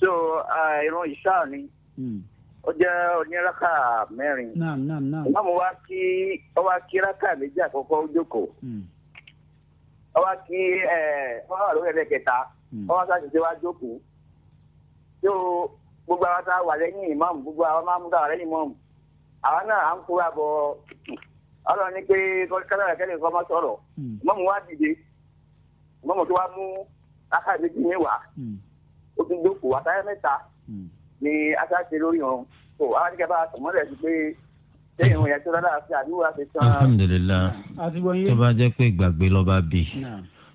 So ìran ìṣáà ni. Hmm. ó jẹ́ oníraka mẹ́rin. naam naam naam. ìmáàmù wa kí ọ wa kí raka méjì àkọ́kọ́ ó jókòó. ọ hmm. wa kí ẹ ọ wà lórí ẹlẹ́kẹta ọ hmm. wa ṣàṣìṣe wa jókòó. tó gbogbo àwọn tá a wà lẹ́yìn ìmáàmù gbogbo àwọn máa ń mú ká wà lẹ́yìn ìmáàmù. àwa náà à ń kóra bọ ọlọ́run ní pé kọ́lá kẹ́lẹ́ nǹkan máa sọ̀rọ̀ hmm. ìmáàmù wa dìde ìmáàmù tó wa mú raka méjì ní wà ó ti jókòó àtàyẹ ni aṣáájú lórí wọn so àwọn akẹ́kẹ́ bá a tọ̀ mọ́lẹ̀ sí pé lẹ́yìn òun yẹn tó lọ́la àti àdúgbò àti sàn. alhamdulilayi tó bá jẹ́ pé ìgbàgbé lọ́ba bì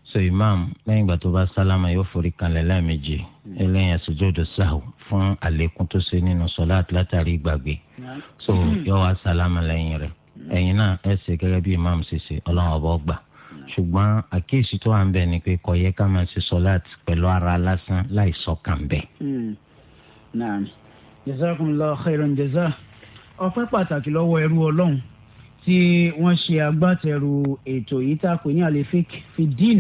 so imam lẹ́yìn ìgbà tó bá sálámà yóò forí kanlẹ̀ lẹ́ẹ̀mejì eléyàn sojúdò sáà fún àlékún tó ṣe nínú sọlá látàrí ìgbàgbé so yóò wá sálámà lẹ́yìn rẹ̀ ẹ̀yin náà ẹ ṣe gẹ́gẹ́ bí imam ṣe ṣe ọlọ́run ọba ọgbà ṣùgbọ́n àkíyèsí tó wà ń bẹ ni pé kò yẹ ká máa ṣe sọlá pẹ̀lú ara lásán láì sọkàn bẹ́ẹ̀. Hmm naam. jazakumullahu khairan jaza ọpẹ́ pàtàkì lọ́wọ́ ẹrú Ọlọ́run tí wọ́n ṣe agbátẹrù ètò yìí tá a pè ní alefik fidin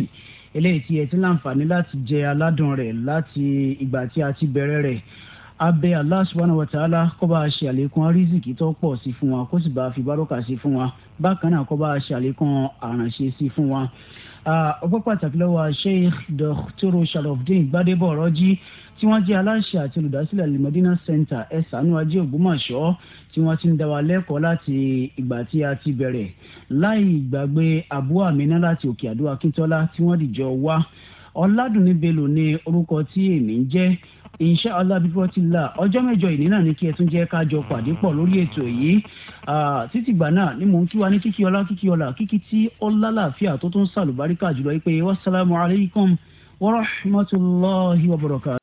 eléyìí tí ẹ ti láǹfààní láti jẹ aládùn rẹ̀ láti ìgbà tí a ti bẹ̀rẹ̀ rẹ̀ abẹ Allah subhanahu wa ta'ala kó bá a ṣe àlékún arísìkì tó pọ̀ sí fún wa kó sì bá a fi bárọ́kà sí fún wa bákan náà kó bá a ṣe àlékún àrànṣe sí fún wa. ọpẹ́ pàtàkì lọ́wọ́ Sheikh Dr. Sharafdin Gbadebo Ọ̀rọ̀jì tí wọ́n jẹ́ aláṣẹ àti olùdásílẹ̀ limodina center ẹ̀sánú ajé ògbómọ̀ṣọ́ tí wọ́n ti ń dá wa lẹ́kọ̀ọ́ láti ìgbà tí a ti bẹ̀rẹ̀ láì gbàgbé abu amina láti òkè àdó akíntola tí wọ́n dìjọ wá ọ̀làdùnní belò ní orúkọ tí èmi ń jẹ́ insha allah bí ti la ọjọ́ mẹ́jọ ìní náà ní kí ẹ tún jẹ́ ká jọ pàdé pọ̀ lórí ètò yìí títí gbà náà ni mò ń kí wa ní kíkí ọlá kíkí ọlá kíkí tí ó lálàáfíà tó tún sàlùbáríkà jùlọ yìí pé wàsálàmù alaykum wa rahmatulahi wa barakatuh.